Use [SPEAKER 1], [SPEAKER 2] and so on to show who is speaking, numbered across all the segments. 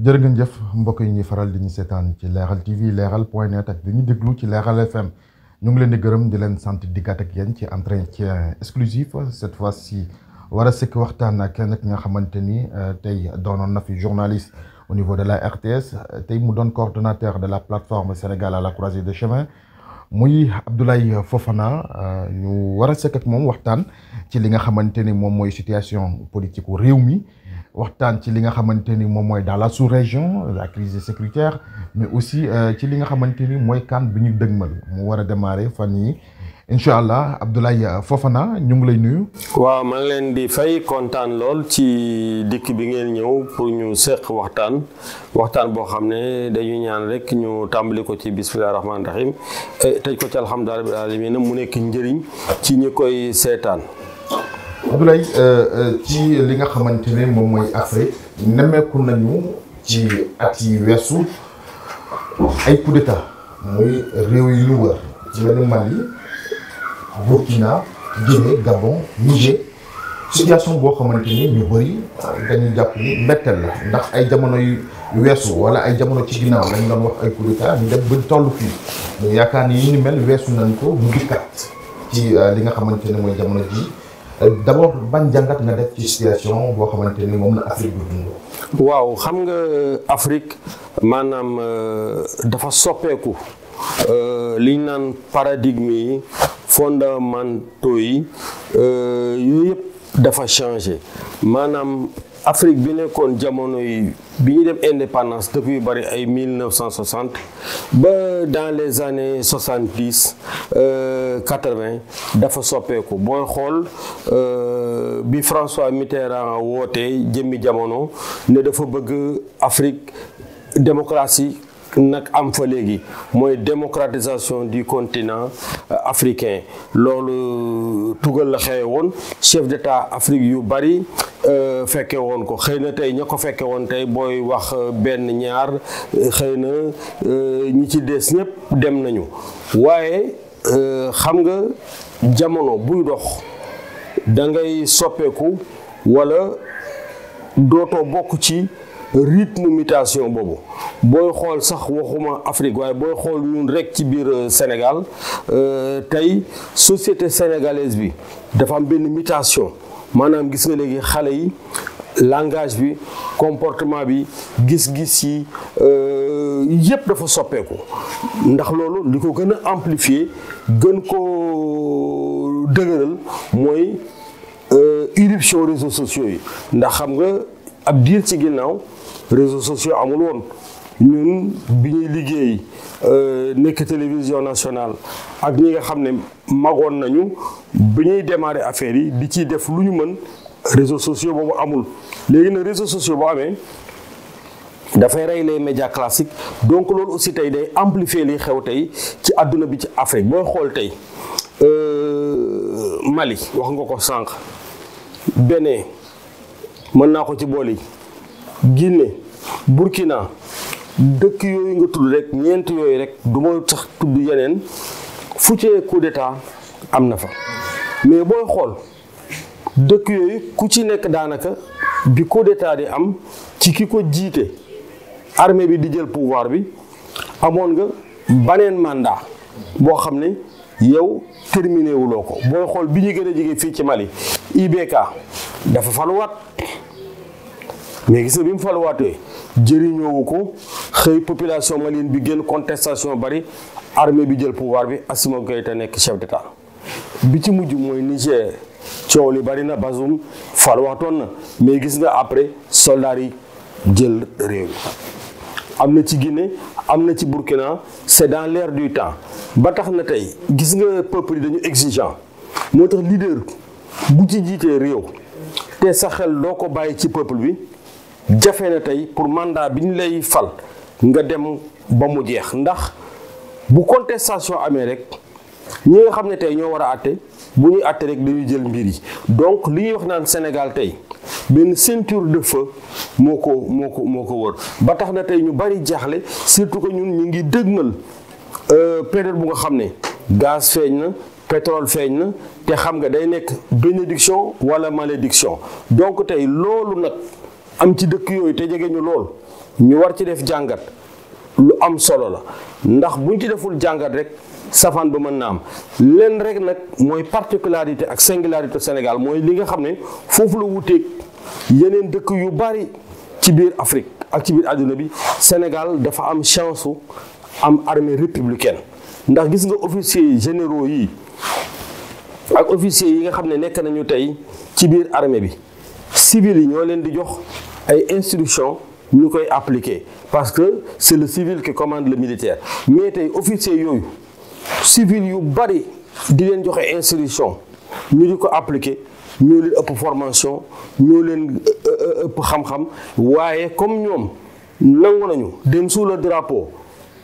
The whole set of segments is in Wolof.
[SPEAKER 1] jërgën jëf mbokk yi ñuy faral di ñu seetaan ci leeral TV leeral point net ak di ñu déglu ci leexal FM ñu ngi leen di gërëm di leen sant di yen ci yéen ci entretien exclusif cette fois si war a sekk waxtaan ak kenn ki nga xamante ni euh, tey doono na fi journaliste au niveau de la RTS tey mu doon coordonnateur de la plateforme Sénégal à la croisée des chemins muy Abdoulaye Fofana euh, ñu war a sekk moom waxtaan ci li nga xamante ni moom mooy situation politique réew mi. waxtaan ci li nga xamante ni moom mooy dans la sous-région la crise sécuritaire mais aussi euh, ci li nga xamante ni mooy kan bi ñu dëgmal mu war a démarrer fan yi incha allah foofa euh, Fofana ñu ngi lay nuyu.
[SPEAKER 2] waaw maa leen di fay kontaan lool ci dikk bi ngeen ñëw pour ñu seq waxtaan waxtaan boo xam ne dañu ñaan rek ñu tàmbali ko ci bisimilah rahmaani rahim eh, tëj ko ci alhamdulilah rabbil alamin mu nekk njëriñ ci ñi koy seetaan.
[SPEAKER 1] Abdoulaye euh, euh, ci li nga xamante ne moom mooy Afrique nemmeeku nañu ci at yi weesu ay coup d'état muy réew yi lu wër ci mel ni Mali Burkina Guinée Gabon Niger situation boo xamante ni ñu bëri dañu jàpp ni mbetteel la ndax ay jamono yu weesu wala ay jamono ci ginnaaw lañ doon wax ay coup d'état ñu def ba toll fii ñu yaakaar ni yi ni mel weesu nañ ko mu dikkaat ci euh, li nga xamante ne mooy jamono ji d'abord ban jàngat nga def ci situation boo xamante ni moom la Afrique bi dund.
[SPEAKER 2] waaw xam nga Afrique maanaam euh, dafa soppeeku euh, liñ naan paradigme yi fondamentaux yi euh, yooyu yëpp dafa changé maanaam. Afrique bi nekkoon jamono yi bi ñu dem indépendance depuis yu bëri ay 1960 ba dans les années 70 euh, vingt dafa soppeeku booy xool euh, bi François Mitterrand wootee jëmmi jamono ne dafa bëgg Afrique démocratie. nag am fa léegi mooy démocratisation du continent euh, africain loolu euh, tugal la xewe woon chef d'état Afrique yu bari euh, fekke woon ko xëy na tey ña ko fekke woon tey booy wax benn ñaar xëy na ñi ci des ñépp dem nañu waaye xam nga jamono buy dox da soppeeku walla dootoo bokk ci rythme mutation boobu booy xool sax waxuma Afrique waaye booy xool ñun rek ci biir euh, Sénégal euh, tey société sénégalaise bi dafa am benn mutation maanaam gis nga léegi xale yi langage bi comportement bi gis-gis yi euh, yëpp dafa soppeeku ndax loolu li ko gën a amplifier gën ko dëgëral mooy irruption réseaux sociaux yi ndax xam nga ab diir ci ginnaaw réseaux sociaux amul woon ñun bi ñuy liggéey euh, nekk télévision nationale ak ñi nga xam ne magoon nañu bi ñuy démarrer affaire yi di ciy def lu ñu mën réseaux sociaux boobu amul léegi nag réseau sociaux boo amee dafay rey les médias classiques donc loolu aussi tey day amplifier li xew tey ci àdduna bi ci Afrique booy xool tey euh, Mali wax nga ko sànq Bénin mën naa ko ci bool yi Guinée Burkina dëkk yooyu nga tudd rek ñeent yooyu rek du ma sax tudd yeneen fu ci am na fa mais booy xool dëkk yooyu ku ci nekk daanaka bi coup d'état di am ci ki ko jiite armée bi di jël pouvoir bi amoon nga baneen mandat boo xam ne yow terminé wuloo ko booy xool bi ñu gën a jege fii ci Mali IBK dafa faluwaat mais gis na bi mu faluwaatee jëriñoowu ko xëy population malienne bi gën contestation bari armée bi jël pouvoir bi Assimi Goïta nekk chef d'état bi ci mujj mooy Niger coow li bari na Bazoum faluwaatoon na mais gis nga après soldats yi jël réew am na ci Guinée am na ci Burkina c'est dans l'air du temps ba tax na tey gis nga peuple yi dañu exigeant moo tax leader bu ci jiitee réew te sa xel doo ko bàyyi ci peuple bi jafe na tey pour mandat bi ñu lay fal nga dem ba mu jeex ndax bu contestation amee rek ñi nga xam ne tey ñoo war a àtte bu ñuy àtte rek dañuy jël mbir yi donc li ñuy wax naan Sénégal tey benn ceinture de feu moo ko moo ko moo ko wër ba tax na tey ñu bari jaaxle surtout que ñun ñu ngi dëgmal euh, période bu nga xam ne gaz feeñ na pétrole feeñ na te xam nga day nekk bénédiction wala malédiction donc tey loolu nag. am ci dëkk yooyu te jege ñu lool ñu war ci def jàngat lu am solo la ndax buñ ci deful jàngat rek safaan ba mën na am leen rek nag mooy particularité ak singularité Sénégal mooy li nga xam ne foofu la wuteeg yeneen dëkk yu bari ci biir Afrique ak ci biir àdduna bi Sénégal dafa am chance am armée républicaine ndax gis nga officiers généraux yi ak officiers yi nga xam ne nekk nañu tey ci biir armée bi civil yi ñoo leen di jox ay instructions ñu koy appliquer parce que c'est le civil qui commande le militaire mais tey officier yooyu civil yu bari di leen joxe instruction ñu di ko appliquer ñoo leen ëpp formation ñu leen euh, euh, ëpp xam-xam waaye comme ñoom nangu nañu dem sous le drapeau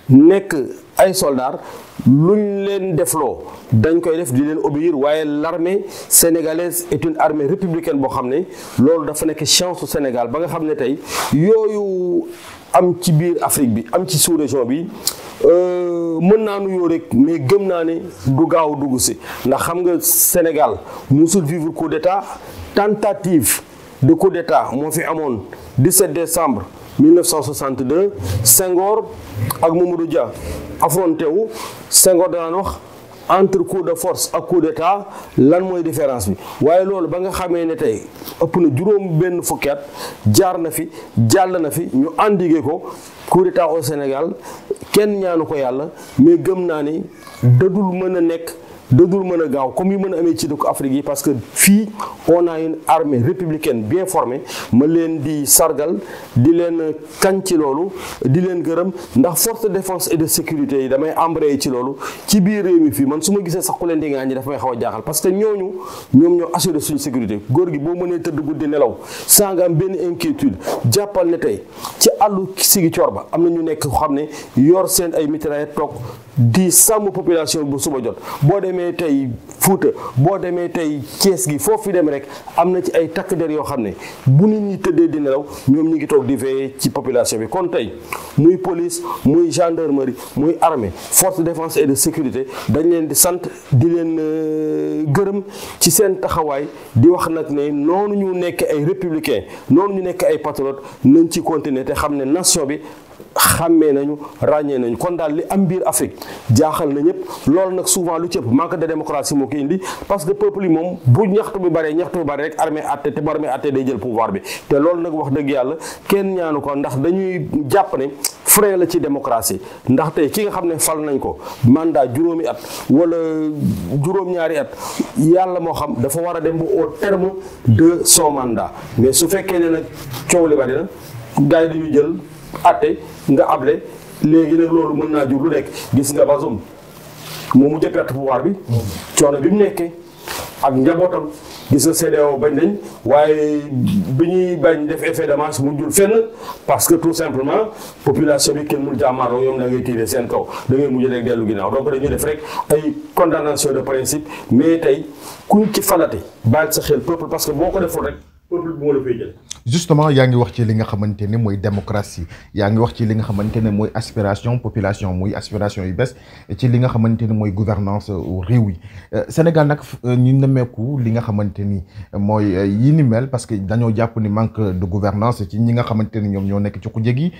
[SPEAKER 2] nekk ay soldats luñ leen defloo dañ koy def di leen obéir waaye l'armée sénégalaise est une armée républicaine boo xam ne loolu dafa nekk chance su Sénégal ba nga xam ne tey yooyu am ci biir Afrique bi am ci sous-région bi euh, mën naa nuyoo rek mais gëm naa ne du gaaw a dugg si ndax xam nga Sénégal musul vivre coup d'état tentative de coup d'état moo fi amoon 17 décembre. 1962 Senghor ak Mamadou Dia affronté wu Senghor danaan wax entre coup de force ak coup d'état lan mooy différence bi waaye loolu ba nga xamee ne tey ëpp na juróom benn fukki jaar na fi jàll na fi ñu endigué ko coup d'état au Sénégal kenn ñaanu ko yàlla mais gëm naa ni dadul mën a nekk dootul mën a gaaw comme yi mën a amee ci dëkk Afrique yi parce que fii on a une armée républicaine bien formée ma leen di sargal di leen kañ ci loolu di leen gërëm ndax force defence défense et de sécurité yi damay embrayé ci loolu ci biir réew mi fii man su ma gisee sax ku leen di nga ñi dafa may xaw a jaaxal parce que ñooñu ñoom ñoo assuré suñu sécurité góor gi boo mënee tëdd guddi nelaw saa nga am benn inquiétude jàppal ne tey ci àllu sigi ba am na ñu nekk xam ne yor seen ay mitraillette toog di sàmm population bu suba jot boo demee tey Fuuta boo demee tey Cees gi foofu dem rek am na ci ay takk der yoo xam ne bu nit ñi tëddee di nelaw ñoom ñu ngi toog di veiller ci population bi kon tey muy police muy gendarmerie muy armée force de défense et de sécurité dañ leen di sant di leen euh, gërëm ci seen taxawaay di wax nag ne noonu ñu nekk ay républicain noonu ñu nekk ay patriote nañ ci continuer te xam ne nation bi xàmmee nañu ràññee nañu kon daal li am biir Afrique jaaxal na ñëpp loolu nag souvent lu ci ëpp manque de démocratie moo koy indi parce que peuple yi moom bu ñaxtu bi baree ñaxtu bi bare rek armée àtte te bu armée àtte day jël pouvoir bi te loolu nag wax dëgg yàlla kenn ñaanu ko ndax dañuy jàpp ne frein la ci démocratie ndax tey ki nga xam ne fal nañ ko mandat juróomi at wala juróom-ñaari at yàlla moo xam dafa war a dem ba au terme de son mandat mais su fekkee ne na gars yi atte nga able léegi nag loolu mën naa jur lu nekk gis nga Bazoum moom mu jëkkat pouvoir bi coono bi mu nekkee ak njabootam gis nga CEDEAO bañ nañ waaye bi ñuy bañ def effet de mu jur fenn parce que tout simplement population bi kenn mënul jàmmaaroo ñoom da ngay tiire seen kaw da ngay mujj rek dellu ginnaaw donc dañuy def rek ay condamnation de principe mais tey kuñ ci falate baal sa xel peuple parce que boo ko defoon rek peuple bi
[SPEAKER 1] justement yaa ngi wax ci li nga xamante ne mooy démocratie yaa ngi wax ci li nga xamante ne mooy aspiration population muy aspiration yi bees ci li nga xamante ne mooy gouvernance réew yi euh, Sénégal nag euh, ñu nemmeeku li nga xamante ni mooy euh, yi ni mel parce que dañoo jàpp ni manque de gouvernance ci ñi nga xamante ni ñoom ñoo nekk ci xuje yi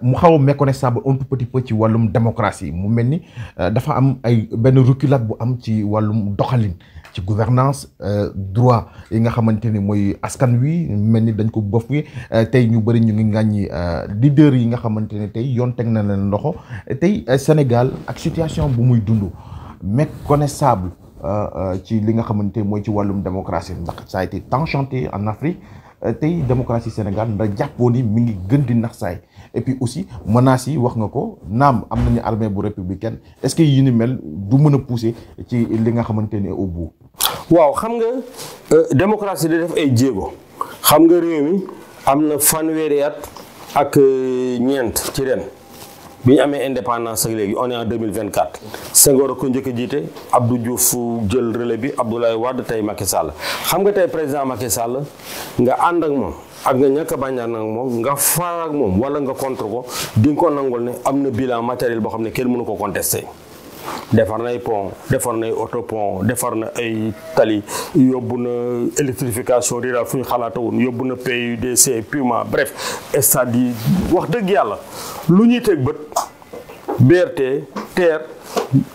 [SPEAKER 1] mu xaw a méconnaissable un petit peu ci wàllum démocratie mu mel ni dafa am ay benn reculade bu am ci wàllum doxalin ci gouvernance euh, droit yi nga xamante ni mooy askan wi mel ni dañ ko bof wi euh, tey ñu bëri ñu ngi ngàññi euh, leader yi nga xamante ne tey yoon teg na leen loxo tey Sénégal ak situation bu muy dund méconnaissable ci li nga xamante mooy ci wàllum démocratie ndax ça a été tant chanté en Afrique Sénégal ndax jàppoo ni mi ngi gën di nax saay et puis aussi menaces yi wax nga ko naam am nañu armée bu républicaine est-ce que yi ni mel du mën a pousser ci li nga xamante ne au bout
[SPEAKER 2] waaw xam nga euh, démocratie da def ay jéego xam nga réew mi am na fanweeri at ak euh, ñeent ci ren bi ñu amee indépendance ak léegi on est en 2024 Senghor a ko njëkk a jiite Abdou Diouf jël relais bi Abdoulaye Wade tey Macky Sall xam nga tey président Macky Sall nga ànd ak moom ak nga ñàkk a bañ ak moom nga faar ak moom wala nga contre ko di nga ko nangol ne am na bilan matériel boo xam ne kenn mënu ko contesté defar nay pont defar nay autopont defar na ay tali yóbbu na électrification rurale fu ñu xalaata woon yóbbu na PUDC Puma bref stade yi wax dëgg yàlla lu ñuy teg bët BRT TER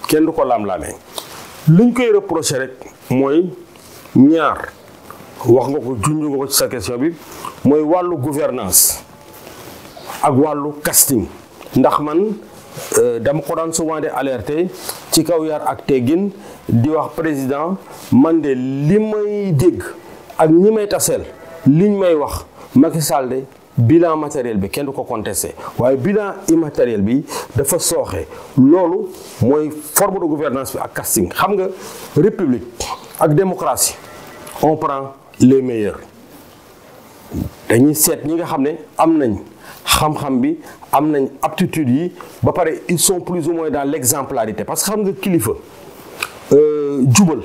[SPEAKER 2] kenn du ko laam-laamee li koy reproché rek mooy ñaar wax nga ko junj nga ko ci sa question bi mooy wàllu gouvernance ak wàllu casting ndax man Euh, dama ko daan su de alerte ci kaw yar ak teggin di wax président man de li may dégg ak ñi may taseel liñ may wax Macky Sall de bilan matériel bi kenn du ko contesté waaye bilan immatériel bi dafa sooxe loolu mooy forme de gouvernance bi ak casting xam nga république ak démocratie on prend les meilleurs dañuy seet ñi nga xam ne am nañ xam-xam bi am nañ aptitude yi ba pare ils sont plus ou moins dans l'exemplarité parce que xam nga kilifa euh, jubal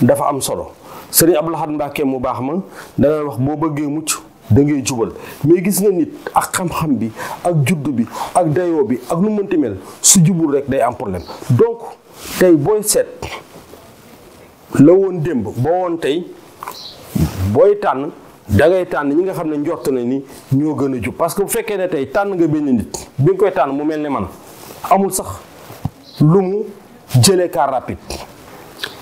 [SPEAKER 2] dafa am solo sëriñ Abdou Lahad Mbacké mu baax ma dana wax boo bëggee mucc da ngay jubal mais gis nga nit ak xam-xam bi ak juddu bi ak dayoo bi ak nu mënti mel su jubul rek day am problème donc tey booy seet la woon démb ba woon tey booy tànn da ngay tànn ñi nga xam ne njort na ni ñoo gën a jub parce que bu fekkee ne tey tànn nga benn nit bi nga koy tànn mu mel ni man amul sax lu mu jëlee car rapide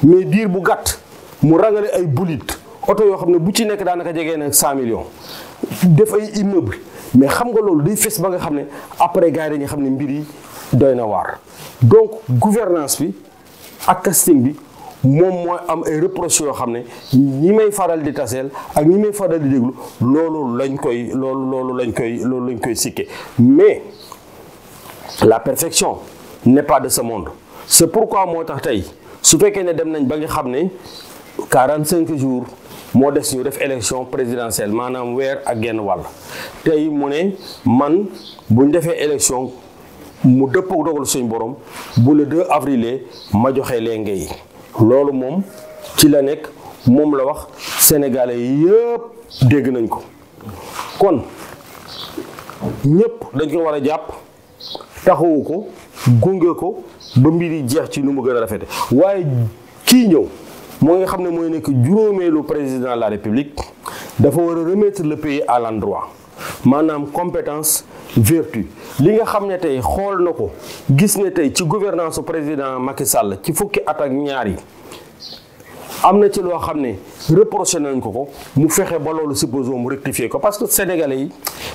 [SPEAKER 2] mais diir bu gàtt mu rangale ay bulit oto yoo xam ne bu ci nekk daanaka jegee na cent million def ay immeuble mais xam nga loolu day fes ba nga xam ne après gars yi dañuy xam ne mbir yi doy na waar donc gouvernance bi ak casting bi moom mooy am ay reproches yoo xam ne ñi may faral di taseel ak ñi may faral di déglu loolu lañ koy loolu loolu lañ koy loolu lañ koy sikke mais la perfection n'est pas de ce monde c'est pourquoi moo tax tey su fekkee ne dem nañ ba nga xam ne cinq jours moo des ñu def élection présidentielle maanaam weer ak genn wàll tey mu ne man bu defee élection mu dëpp dogal suñu borom bu le 2 avril ma joxe lenge yi loolu moom ci la nekk moom la wax sénégalais yëpp dégg nañ ko kon ñëpp dañ ko war a jàpp taxuwu ko gunge ko ba mbir yi jeex ci lu mu gën a rafete waaye kii ñëw moo nga xam ne mooy nekk juróomeelu président la république dafa war a remettre le pays à l'endroit maanaam compétence vertu li nga xam ne tey xool na ko gis ne tey ci gouvernance su président Macky Sall ci fukki at ak ñaar yi am na ci loo xam ne reproché nañ ko ko mu fexe ba loolu si besoin mu rectifier ko parce que sénégalais yi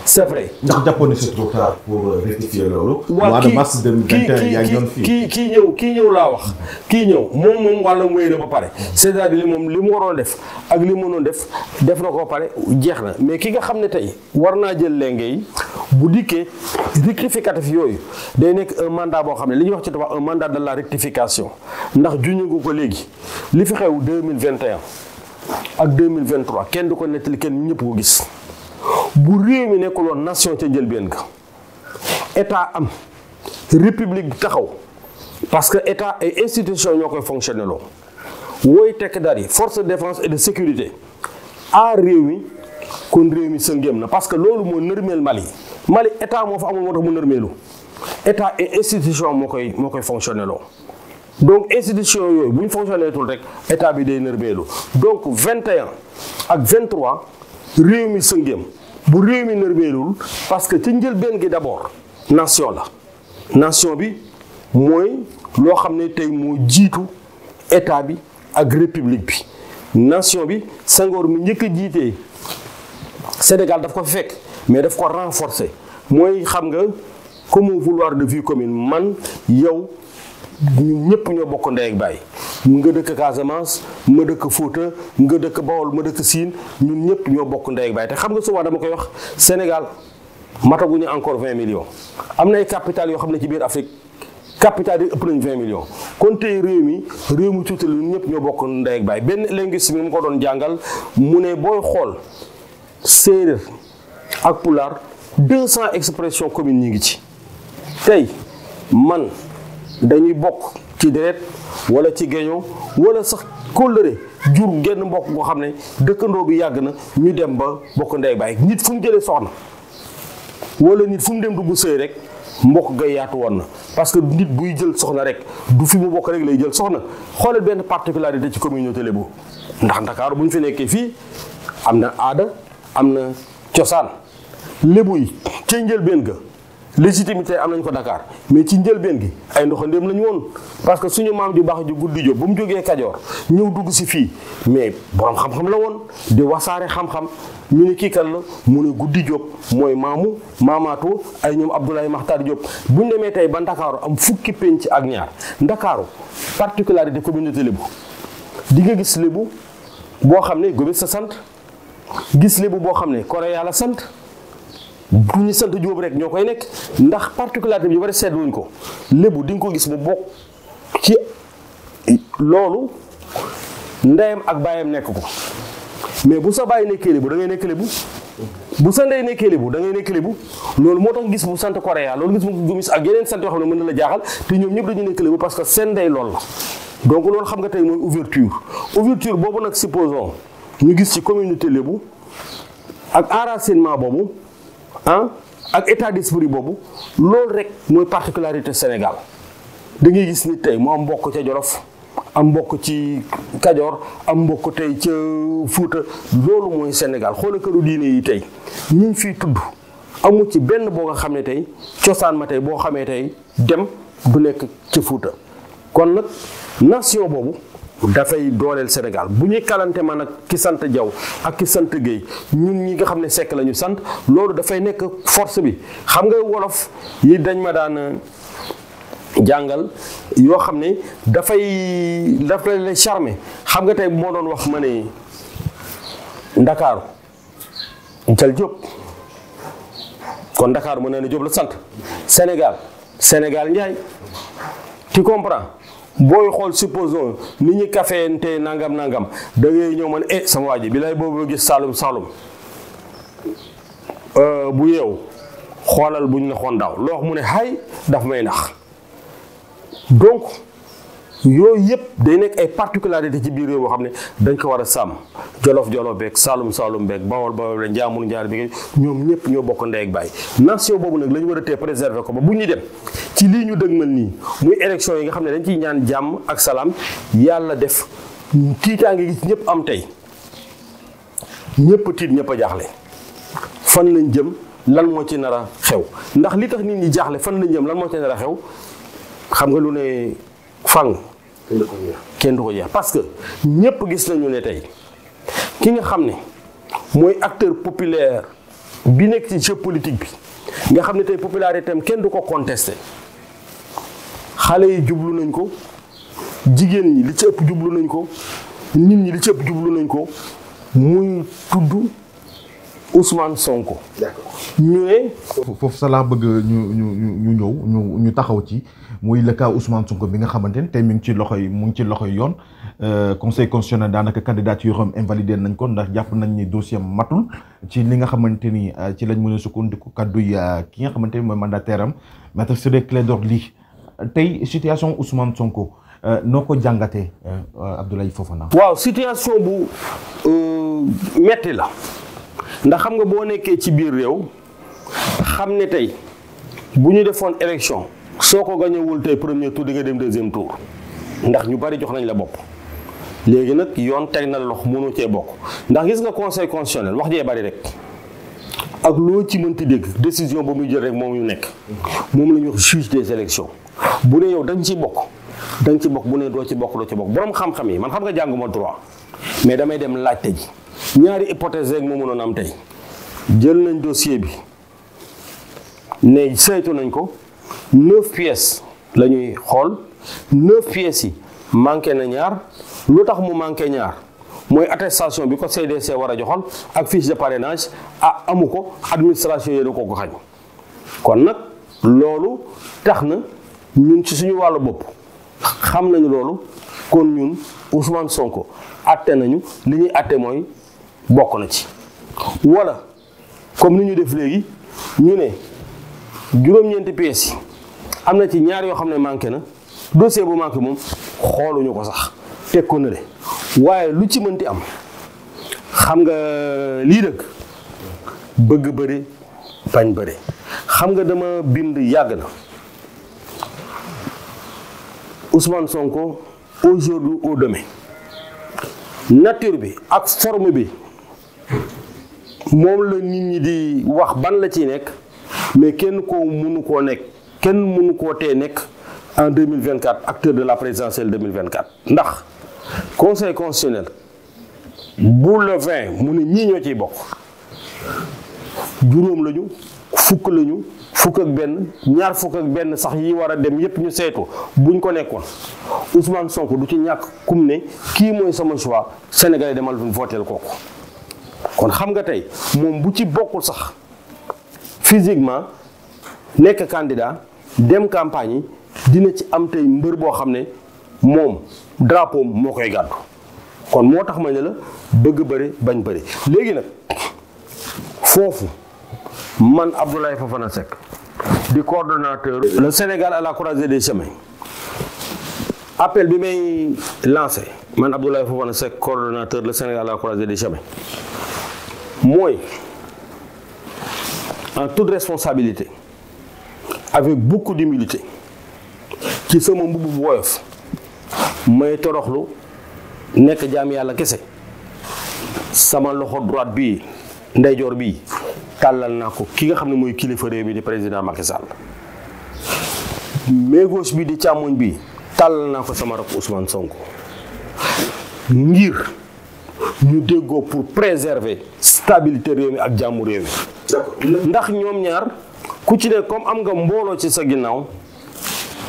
[SPEAKER 2] c' est vrai.
[SPEAKER 1] ndax jàppoon na c'est trop tard pour euh, rectifier loolu. mois de mars 2021 yaa kii
[SPEAKER 2] kii ñëw kii ñëw laa wax kii ñëw moom moom wàllam wéy na ba pare c' est moom li mu waroon def ak li mu mënoon def def na ko pare jeex na mais ki nga xam ne tey war naa jël lenge yi bu dikkee rectificatif yooyu day nekk un mandat boo xam ne li ñuy wax ci tubaab un mandat de la rectification ndax juñu ko léegi li fi 2021 ak 2023 kenn du ko nettali kenn ñëpp ko gis bu réew mi woon nation ca njëlbeen ga état am république bi taxaw parce que état ay institution ñoo koy fonctionné loo wooy tekk dar yi force de défense et de sécurité aar réew mi kon réew mi sëngéem na parce que loolu moo nërmeel Mali Mali état moo fa amul moo tax mu nërmeelu état et institution moo koy moo koy fonctionné loo donc institution yooyu bu ñu fonctionné rek état bi day nërbeelu donc 21 ak 23 réew mi sëngéem bu réew mi nërbeelul parce que ci njëlbeen gi d' abord nation la nation bi mooy loo xam ne tey moo jiitu état bi ak république bi nation bi Senghor mu njëkk a jiitee Sénégal daf ko fekk mais daf ko renforcer mooy xam nga comme vouloir de vie commune man yow ñun ñëpp ñoo bokk ndey ak baay nga dëkk Casamance ma dëkk Fouta nga dëkk Bawol ma dëkk Siin ñun ñëpp ñoo bokk ndey ak baay te xam nga souvent dama koy wax Sénégal mataguñu encore 20 millions am na ay capital yoo xam ne ci biir Afrique capital yi ëpp nañu 20 millions kon tey réew mi réew mi tuuti ñun ñëpp ñoo bokk ndey ak baay benn linguiste bi mu ko doon jàngal mu ne booy xool séeréer ak pulaar 200 expressions commune ñi ngi ci tey man. dañuy bokk ci deret wala ci geño wala sax kóllëre jur genn mbokk goo xam ne dëkkandoo bi yàgg na ñu dem ba bokk ndey baay nit fu mu jëlee soxna wala nit fu mu dem bu sëy rek mbokk ga yaatu woon na parce que nit buy jël soxna rek du fi mu bokk rek lay jël soxna xoolal benn particularité ci communauté lébu ndax ndakaaru bu ñu fi nekkee fii am na aada am na cosaan lébu yi ca njëlbeen ga légitimité am nañ ko Dakar mais ci njëlbeen gi ay ndoxandéem la ñu woon parce que suñu maam ju baax ju guddi jo ba mu jógee Kajoor ñëw dugg si fii mais borom xam-xam la woon di wasaare xam-xam ñu ne kii kan la mu ne guddi Diop mooy maamu maamaatu ay ñoom Abdoulaye Makhtar Diop bu ñu demee tey ba Ndakaaru am fukki ci ak ñaar Ndakaaru particularité communauté lébu di nga gis lébu boo xam ne Gomis sa sant gis lébu boo xam ne Koreya yàlla sant. ku ñu sant Jóob rek ñoo koy nekk ndax particularité bi ñu bari wuñ ko lébu di ko gis mu bokk ci loolu ndeyam ak baayam nekk ko mais bu sa baay nekkee lébu da ngay nekk lébu bu sa ndey nekkee lébu da ngay nekk lébu loolu moo tax gis bu sant koréa loolu gis mu gis ak yeneen sant yoo xam ne mën na la jaaxal te ñoom ñëpp dañu nekk lébu parce que seen ndey loolu la donc loolu xam nga tey mooy ouverture ouverture boobu nag supposons ñu gis ci communauté lébu ak enracinement boobu ah ak état d'esprit boobu loolu rek mooy particularité Sénégal da ngay gis ni tey moo am mbokk ca Jolof am mbokk ci Kajoor am mbokk tey ca Fuuta loolu mooy Sénégal xoola këru diine yi tey ñu fi tudd amul ci benn boo nga xam ne tey cosaan ma tey boo xamee tey dem du nekk ca Fuuta kon nag nation boobu dafay dooleel Sénégal bu ñuy kalante man ak ki sant Jaw ak ki sant Géey ñun ñi nga xam ne sekk la sant loolu dafay nekk force bi xam nga wolof yi dañ ma daan euh, jàngal yoo xam ne dafay dafay lay charmer xam nga tey moo doon wax ma ndakaaru jal Jóob kon ndakaaru mën na ne Jóob la sant Sénégal Sénégal Njaay tu comprends booy xool supposons ni ñu kafeente nangam nangam da ngay ñëw man eh sama waa ji bi lay boobu gis saalum saalum euh, bu yeew xoolal bu ñu la xoon loo wax mu ne xay daf may nax donc yooyu yëpp day nekk ay ci biir réew boo xam ne dañ ko war a sàmm jolof jolof beek saalum saalum beeg bawol bawol beeg njaamur njaar bi ñoom ñëpp ñoo bokk ndey ak baay nation boobu nag lañu ñu war a tee préserver ko ba bu ñu dem ci lii ñu dëgmal nii muy élection yi nga xam ne dañ ciy ñaan jàmm ak salaam yàlla def tiitaange gis ñëpp am tey ñëpp tiit ñëpp a jaaxle fan lañ jëm lan moo ci nar a xew ndax li tax nit ñi jaaxle fan lañ jëm lan moo ci nar a xew xam nga lu ne fang kenn du ko jeex parce que ñëpp gis nañu ne tey ki nga xam ne mooy acteur populaire bi nekk ci jeu politique bi nga xam ne tey popularité am kenn du ko contesté xale yi jublu nañ ko jigéen ñi li ci ëpp jublu nañ ko nit ñi li ci ëpp jublu nañ ko mu tudd Ousmane Sonko. d'accord
[SPEAKER 1] ñu ne. foofu sa laa bëgg ñu ñu ñu ñu ñu taxaw ci. muy le cas Sonko bi nga xamante ne tey mi ngi ci loxoy mu ngi ci loxoy yoon euh, conseil constitutionnel daanaka candidature am invalidé nañ ko ndax jàpp nañ ni dossier matul ci li nga xamante ni euh, ci lañ mën a sukkandiku kaddu yi euh, ki nga xamante ni mooy mandataire am maître Ciré Clédor Ly tey situation Ousmane Sonko noo ko jàngatee Abdoulaye Fofana.
[SPEAKER 2] waaw situation bu metti la ndax xam nga boo nekkee ci biir réew xam ne tey bu ñu defoon élection. soo ko gañewul tey premier tour di nga dem deuxième tour ndax ñu bari jox nañ la bopp léegi nag yoon teg na lox mënoo cee bokk ndax gis nga conseil constitutionnel wax jee bari rek ak loo ci mënti dégg décision ba muy jël rek moom ñu nekk moom la ñuy juge des élections bu ne yow dañ ci bokk dañ ci bokk bu ne doo ci bokk doo ci bokk borom xam-xam yi man xam nga jànguma droit mais damay dem laajte ji ñaari hypothèse rek moo mënoon am tey jël nañ dossier bi ne saytu nañ ko neuf pièces la ñuy xool neuf pièces yi manqué na ñaar lu tax mu manqué ñaar mooy attestation bi ko CDC war a joxol ak fiche de parrainage ah amu ko administration yéena ko ko xañ kon nag loolu tax na ñun ci suñu wàllu bopp xam nañu loolu kon ñun Ousmane Sonko atte nañu li ñuy atte mooy bokk na ci wala comme ni ñu def léegi ñu ne juróom-ñeenti pièces yi am na ci ñaar yoo xam ne manqué na dossier bu manqué moom xooluñu ko sax teg ko nële waaye lu ci mënti am xam nga euh, lii dëkk bëgg bëri bañ bëri xam nga dama bind yàgg na Ousmane Sonko aujourd'hui au demain nature bi ak forme bi moom la nit ñi di wax ban la ciy nekk mais kenn koo mënu koo nekk kenn mënu koo tee nekk en deux mille 2024 acteur de la présidentielle 2024 ndax conseil constitutionnel bu le 20 mu ne ñii ñoo ciy bokk juróom lañu fukk lañu fukk ak benn ñaar fukk ak benn sax yi war a dem yépp ñu saytu buñ ko nekkoon Ousmane sonk du ci ñàkk kum ne kii mooy sama choix Sénégalais demal votel kooku kon xam nga tey moom bu ci bokkul sax. physiquement nekk candidat dem campagne yi dina ci am tey mbër boo xam ne moom drapeau moo koy gàddu kon moo tax ma ne la bëgg bëri bañ bëri léegi nag foofu man Abdoulaye Fofana Seck di coordonnateur le Sénégal à la croisée des chemins appel bi may lancé man Abdoulaye Fofana Seck coordonnateur le Sénégal à la croisée des chemins mooy en tout responsabilité avec beaucoup d'humilité ci sama mbubb bu woyof may toroxlu nekk jaam yàlla kese sama loxo droite bi ndeyjoor bi tàllal naa ko ki nga xam ne mooy kilifa réew mi di président Macky Sall mais bi di càmmoñ bi tàllal naa ko sama rakk Ousmane Sonko ngir ñu déggoo pour préserver stabilité réew mi ak jàmmu réew mi ndax ñoom ñaar ku ci ne comme am nga mbooloo ci sa ginnaaw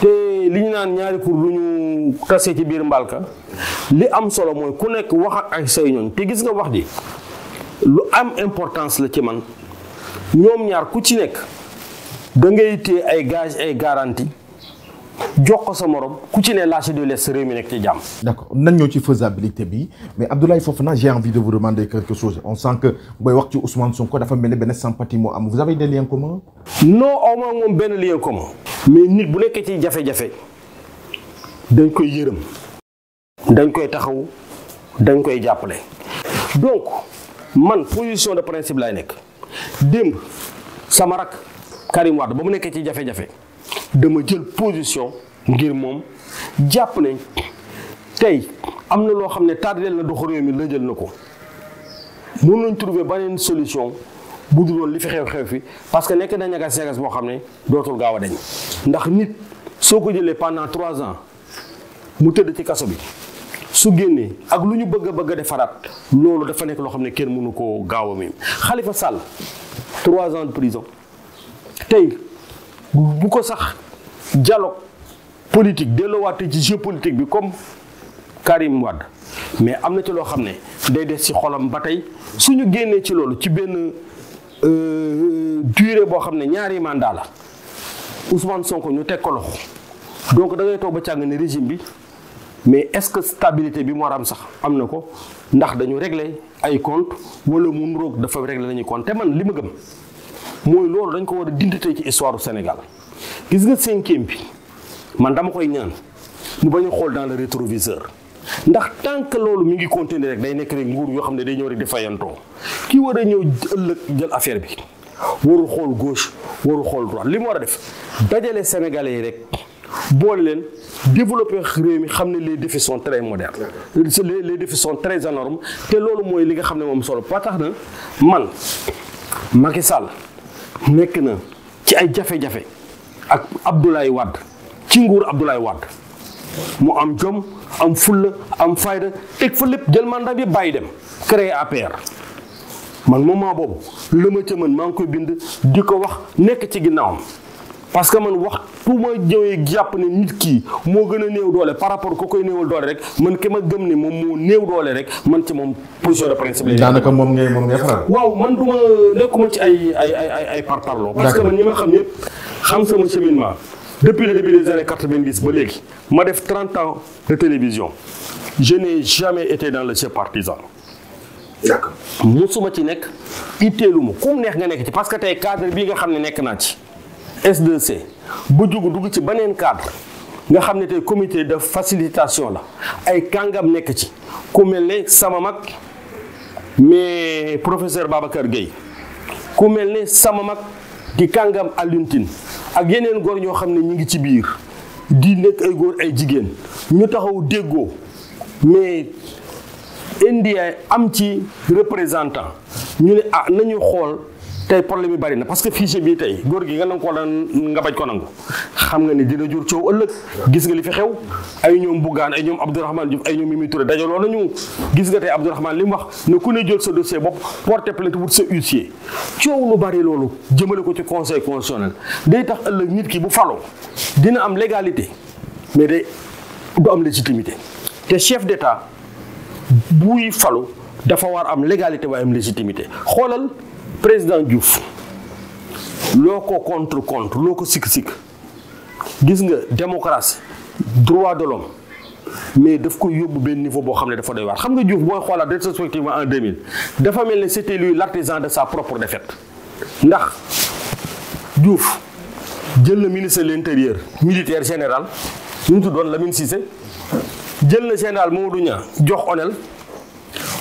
[SPEAKER 2] te li ñu naan ñaari kur lu ñu tasee ci biir mbalka li am solo mooy ku nekk wax ak ay say ñooñ te gis nga wax ji lu am importance la ci man ñoom ñaar ku ci nekk da ngay téye ay gaz ay garantie jox ko sa moroom ku ci ne lâché de l'est réew mi nekk ci jàmm.
[SPEAKER 1] d'accord nan ñëw ci faisabilité bi mais Abdoulaye Fofana j'ai envie de vous demander quelque chose on sent que booy wax ci Ousmane ko dafa mel ni benn sympathie moo am vous avez des liens communs.
[SPEAKER 2] non au moins moom benn lien commun. mais nit bu nekkee ci jafe-jafe dañ koy yërëm. dañ koy taxaw dañ koy jàppale. donc man position de principe laay nekk démb sama rak Karim Wade ba mu nekkee ci jafe-jafe. dama jël position ngir moom jàpp ne tey am na loo xam ne tardeel na doxu réew mi la jël na ko mën nañ trouver beneen solution bu woon li fi xew fi parce que nekk na ñagas ñagas boo xam ne dootul gaaw a dañ ndax nit soo ko jëlee pendant trois ans mu tëdd ci kaso bi su génnee ak lu ñu bëgg a bëgg a defaraat loolu dafa nekk loo xam ne kenn mënu koo gaaw a miim Khalifa Sall trois ans de prison tey bu ko sax dialogue politique delloowaate ci jeu politique bi comme Karim Wade mais am na ci loo xam ne day des ci xolam ba tey su ñu génnee ci loolu ci benn euh, durée boo xam ne ñaari mandat la Ousmane Sonko ñu teg ko loxo donc da ngay toog ba càng ne régime bi mais est-ce que stabilité bi moo am sax am na ko ndax dañu régler ay compte wala mu roog dafa régler nañu compte te man li ma gëm mooy loolu dañ ko war a dindi ci histoire du Sénégal gis nga cinquième bi man dama koy ñaan mu bañ xool dans le rétroviseur ndax tant que loolu mi ngi continuer rek day nekk rek nguur yoo xam ne day ñëw rek di fayantoo ki war a ñëw ëllëg jël affaire bi warul xool gauche warul xool droite li mu war a def dajale sénégalais yi rek boole leen développé réew mi xam ne les défis sont très modernes les défis sont très énormes te loolu mooy li nga xam ne moom solo ba tax na man Macky Sall nekk na ci ay jafe-jafe ak Abdoulaye Wade ci nguur Abdoulaye wadd mu am jom am fulla am fayda teg fa lépp jël mandat bi bàyyi dem créer APR man moment boobu la ma ca mën maa ngi koy bind di ko wax nekk ci ginnaawam parce que man waxtu ma ñëwee jàpp ne nit kii moo gën a néew doole par rapport ko koy néewal doole rek man ki ma gëm ni moom moo néew doole rek man ci moom position de principe daanaka
[SPEAKER 1] moom ngay moom ngay faral.
[SPEAKER 2] waaw man du ma nekkuma ci ay ay ay parce que man ñi ma xam ne xam sama cheminement. depuis le début des années 90 ba léegi ma def 30 ans de télévision je jamais été dans le chef partisan. d'accord musuma ci nekk itteelu ma ku mu neex nga nekk ci que tey cadre bii nga xam ne nekk naa ci. s 2 bu jug dugg ci beneen cadre nga xam ne te comité de facilitation la ay kàngam nekk ci ku mel ne sama mag mais professeur Babacar Gueye ku mel ne sama mag di kàngam Alioune ak yeneen góor ñoo xam ne ñu ngi ci biir di nekk ay góor ay jigéen ñu taxaw déggoo mais indi am ci représentant ñu ne ah nañu xool. tey problème yi bari na parce que fichier bii tey góor gi nga nangu koo daan nga bañ ko nangu xam nga ni dina jur coow ëllëg gis nga li fi xew ay ñoom Bougane ay ñoom Abdourahmane Diouf ay ñoom Mimi Touré dajaloo nañu gis nga tey Abdourahmane li mu wax ne ku ne jël sa dossier bopp porter plainte wut sa huissier coow lu bari loolu jëmale ko ci conseil constitutionnel day tax ëllëg nit ki bu faloo dina am légalité mais day du am légitimité te chef d'état buy falu dafa war am légalité waaye am légitimité xoolal président Diouf loo ko contre contre loo ko sikk-sikk gis nga démocratie droit de l'homme mais daf ko yóbbu benn niveau boo xam ne dafa doy waar xam nga Diouf booy xoolaat rétrospectivement en 2000 dafa mel ne c'était lui l'artisan de sa propre défaite ndax Diouf jël na ministre de l'intérieur militaire général ñu ngi tuddoon Lamine Cissé jël na général Mamadou Niang jox onel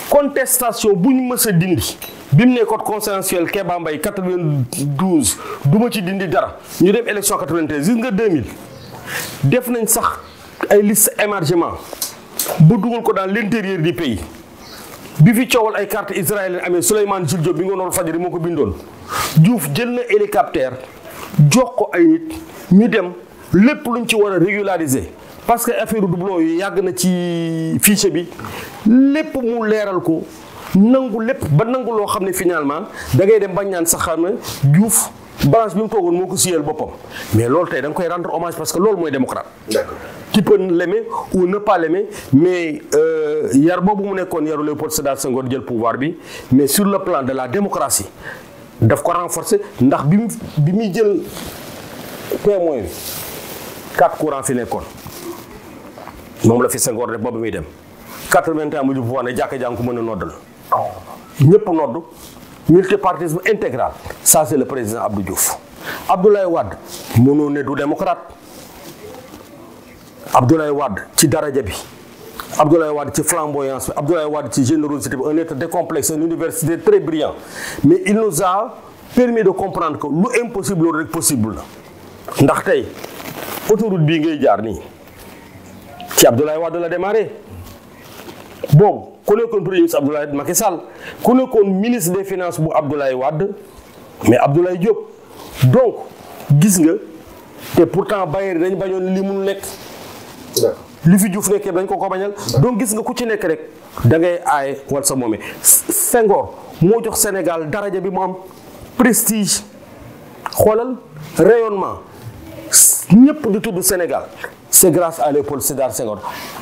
[SPEAKER 2] contestation bu ñu mësa a dindi bi mu ne code consensuel Kéba Mbaye 92 du ma ci dindi dara ñu dem élection 93 gis nga 2000 def nañ sax ay liste émargement bu dugal ko dans l' intérieur du pays bi fi coowal ay carte israélienne amee Souleymane Jules bi nga noonu fajari moo ko bindoon Diouf jël na hélicoptère jox ko ay ñu dem lépp luñ ci war a régulariser parce que affaire doublon yi yàgg na ci fichier bi lépp mu leeral ko. nangu lépp ba nangu loo xam ne finalement da ngay dem bañ naan sax xam ne Diouf branche bi mu toogoon moo ko siyal boppam mais loolu tey danga koy rendre hommage parce que loolu mooy démocrate. d'accord tu peux l'aimer ou ne pas leme mais euh, yar boobu mu nekkoon yaru Léopold Sédar Senghor jël pouvoir bi mais sur le plan de la démocratie daf ko renforcer ndax bi mu bi muy jël témoin bi quatre courants fi nekkoon moom la fi Senghor def boobu muy dem quatre-vingts ans mu jub ne jàkka mën a noddal. ñëpp nodd multipartisme intégral ça c'est le président Abdou Diouf Abdoulaye Wade mënoo ne du démocrate Abdoulaye Wade ci daraja bi Abdoulaye Wade ci flamboyance bi Abdoulaye Wade ci générosité bi un être décomplexé une université très brillant mais il nous a permis de comprendre ko lu impossible loolu rek possible la ndax tey autoroute bii ngay jaar nii ci Abdoulaye Wade la démarré boobu ku nekkoon premier ministre Abdoulaye Macky Sall ku nekkoon ministre des finances bu Abdoulaye Wade mais Abdoulaye Diop donc gis nga te pourtant Bayer dañ bañoon li mu nekk. li fi Diouf nekkee dañ ko ko bañal. donc gis nga ku ci nekk rek da ngay aaye wal sa moome Senghor moo jox Sénégal daraja bi mu am prestige xoolal rayonnement ñëpp di tudd Sénégal c'est grâce à Léopold Sédar Senghor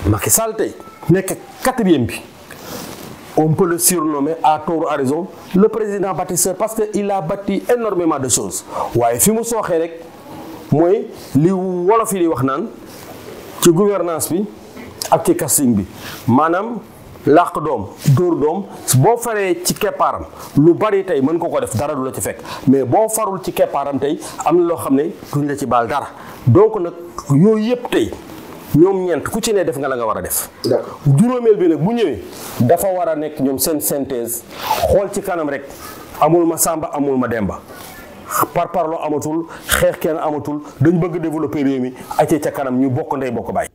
[SPEAKER 2] Macky Sall tey nekk quatrième bi. on peut le surnommer à tort à raison le président bâtisseur parce que il a bâti énormément de choses waaye fi mu sooxee rek mooy li wolof yi di wax naan ci gouvernance bi ak ci casting bi maanaam làq doom dóor doom boo faree ci keppaaram lu bari tey mën ko ko def dara du la ci fekk mais boo farul ci keppaaram tey am na loo xam ne duñ la ci baal dara donc nag yooyu yëpp tey ñoom ñeent ku ci ne def nga la nga war a def. juróomeel bi nag bu ñëwee dafa war a nekk ñoom seen synthèse xool ci kanam rek amul ma sàmba amul ma demba par parloo amatul xeex kenn amatul dañu bëgg développer réew mi acce ca kanam ñu bokk ndey bokk bàyyi.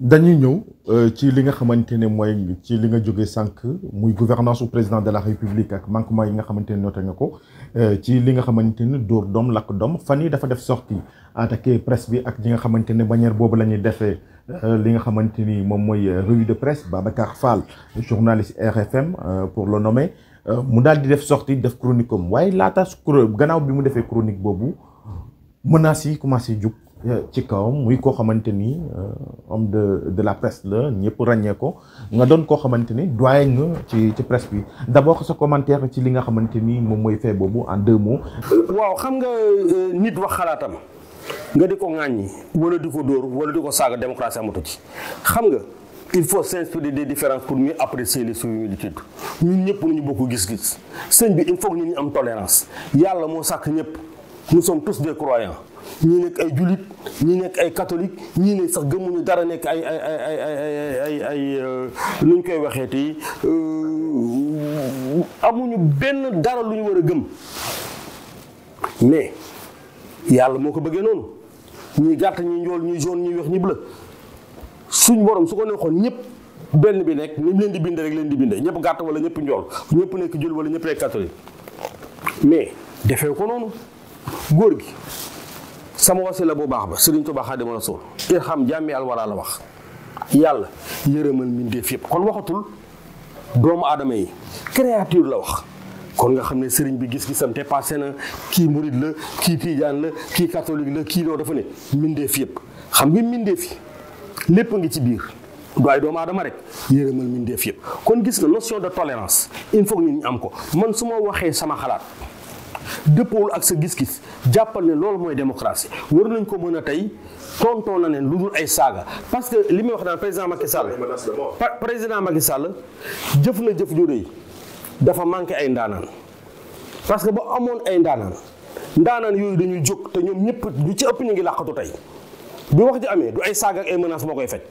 [SPEAKER 1] dañuy ñëw euh, ci li nga xamante ne mooy ci li nga jógee sànq muy gouvernance au président de la république ak manquement yi nga xamante ne noté nga ko euh, ci li nga xamante ne dóor doom lakk doom fan yi dafa def sortie attaqué presse bi ak ñi nga xamante ne manière boobu la ñuy defee euh, li nga xamante ni moom mooy revue de presse Babacar Fall journaliste RFM pour le nommer mu daal di def sortie def chronique am waaye laata gannaaw bi mu defee chronique boobu mën naa commencé jug. Euh, ci kawam muy koo xamante ni euh, homme de de la presse la ñëpp ràññee ko nga doon koo xamante ni doyen nga ci ci presse bi d'abord sa commentaire ci li nga xamante ni moom mooy fait boobu en deux
[SPEAKER 2] waaw xam nga euh, nit wax xalaatam nga di ko ŋàññi wala di ko dóor wala di ko saaga démocratie amatu ci xam nga. il faut s'inspirer des différences pour mieux apprécier les similitudes ñun ñëpp nañu bokk gis-gis sëñ bi il faut que ñun ñu am tolérance yàlla moo sàkk ñëpp nous sommes tous des ñu nekk ay julit ñu nekk ay katolik ñu ne sax gëmuñu dara nekk ay ay ay ay euh, ñu koy waxee tey euh, amuñu benn dara lu ñu war a gëm mais yàlla moo ko bëggee noonu ñuy gàtt ñu njool ñuy jaune ñuy weex ñi la suñ borom su ko neexoon ñëpp benn bi nekk ni leen di bind rek leen di bindee ñëpp gàtt wala ñëpp njool ñëpp nekk jul wala ñëpp nekk catholique mais defee ko noonu góor gi sama la bu baax ba Sëriñ Tuubaa Xaadimu Rasuul irham jàmmi alwara la wax yàlla yërëmal mbindeef yëpp kon waxatul doomu aadama yi créature la wax kon nga xam ne sëriñ bi gis-gisam te passé na kii murit la kii tiijaan la kii catholique la kii loo dafa ne mbindeef yëpp xam nga mbindeef yi lépp ngi ci biir du ay doomu aadama rek yërëmal mbindeef yëpp kon gis nga notion de tolérance il faut ñu am ko man su ma waxee sama xalaat dëppoowul ak sa gis-gis jàppal ne loolu mooy démocratie war nañ ko mën a tey tontoo na leen lu dul ay saaga parce que li muy wax naan président Macky Sall président Macky Sall jëf na jëf ju rëy dafa manqué ay ndaanaan parce que ba amoon ay ndaanaan ndaanaan yooyu dañuy jóg te ñoom ñëpp ñu ci ëpp ñu ngi làqatu tey bi wax ji amee du ay saaga ak ay menaces moo koy fekk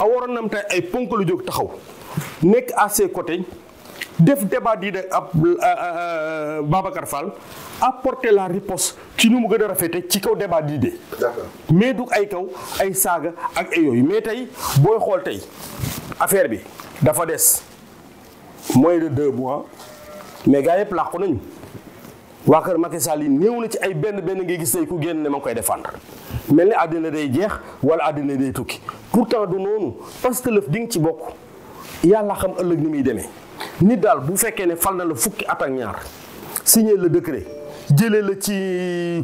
[SPEAKER 2] a nam tey ay ponk lu jóg taxaw nekk à ses def débat di de ab euh, euh, Babacar Fall apporter la riposte ci nu mu gën a rafete ci kaw débat di de mais du ay kaw ay saaga ak ay yooyu mais tey booy xool tey affaire bi dafa des mooy de deux mois mais gars yëpp làqu nañu waa kër Macky saal yi néew na ci ay benn benn ngay gis tey ku génn ne ma koy défendre mel ni àddina day jeex wala àddina day tukki pourtant du noonu parce que lëf di nga ci bokk yàlla xam ëllëg ni muy demee. nit daal bu fekkee ne fal na la fukki at ak ñaar signé le décret jëlee la ci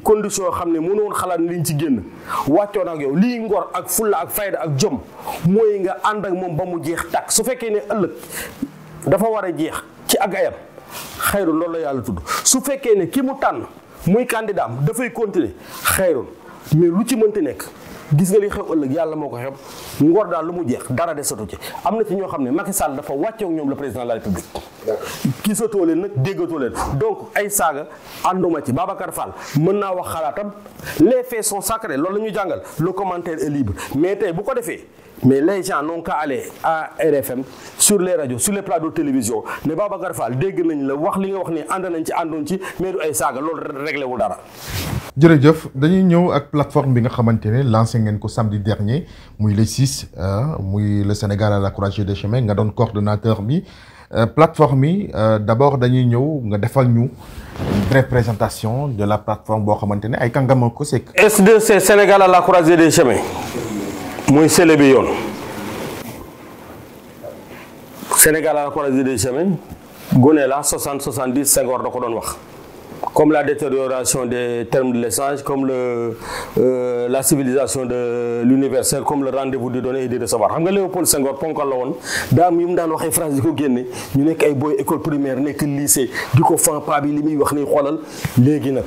[SPEAKER 2] condition yoo xam ne mënu woon xalaat liñ ci génn wàccoon ak yow lii ngor ak fulla ak fayda ak jom mooy nga ànd ak moom ba mu jeex tàkk su fekkee ne ëllëg dafa war a jeex ci ak ayam xayru loolu yàlla tudd su fekkee ne ki mu tànn muy candidat dafay continuer xayru mais lu ci mënti nekk. gis nga li xew ëllëg yàlla moo ko xew ngor daal lu mu jeex dara desatu ci am na ci ñoo xam ne Macky Sall dafa wàcceeg ñoom le président de la république. gisatoo leen nag déggatoo leen donc ay saaga ànduma ci Babacar Fall mën naa wax xalaatam les faits sont sacrés loolu la ñu jàngal le commentaire est libre mais tey bu ko defee. Mais les gens n'ont qu'à aller à RFM sur les radios sur les plateaux de télévision ne Babacar Fall dégg nañ la wax li nga wax ni ànd nañ ci àndoon ci mais du ay saaga loolu réglé wu dara.
[SPEAKER 1] jërëjëf dañuy ñëw ak plateforme bi nga xamante ne lancé ngeen ko samedi dernier muy le 6 euh, muy le Sénégal à la croisée des chemins nga doon coordonnateur bi euh, plateforme yi euh, d'abord dañuy ñëw nga defal ñu une présentation de la plateforme boo xamante ne ay kàngam ko sekk.
[SPEAKER 2] s 2 des chemins. mooy sele bi yoon Sénégal à la croisée des chemins gone la 60 70 Senghor da ko doon wax comme la détérioration des de l'échange comme le euh, la civilisation de l'universel comme le rendez-vous de donner et de recevoir xam nga Léopold Senghor ponkal la woon daam yi mu daan waxee phrase di ko génne ñu nekk ay boy école primaire nekk lycée di ko fan pa li muy wax ni xoolal léegi nag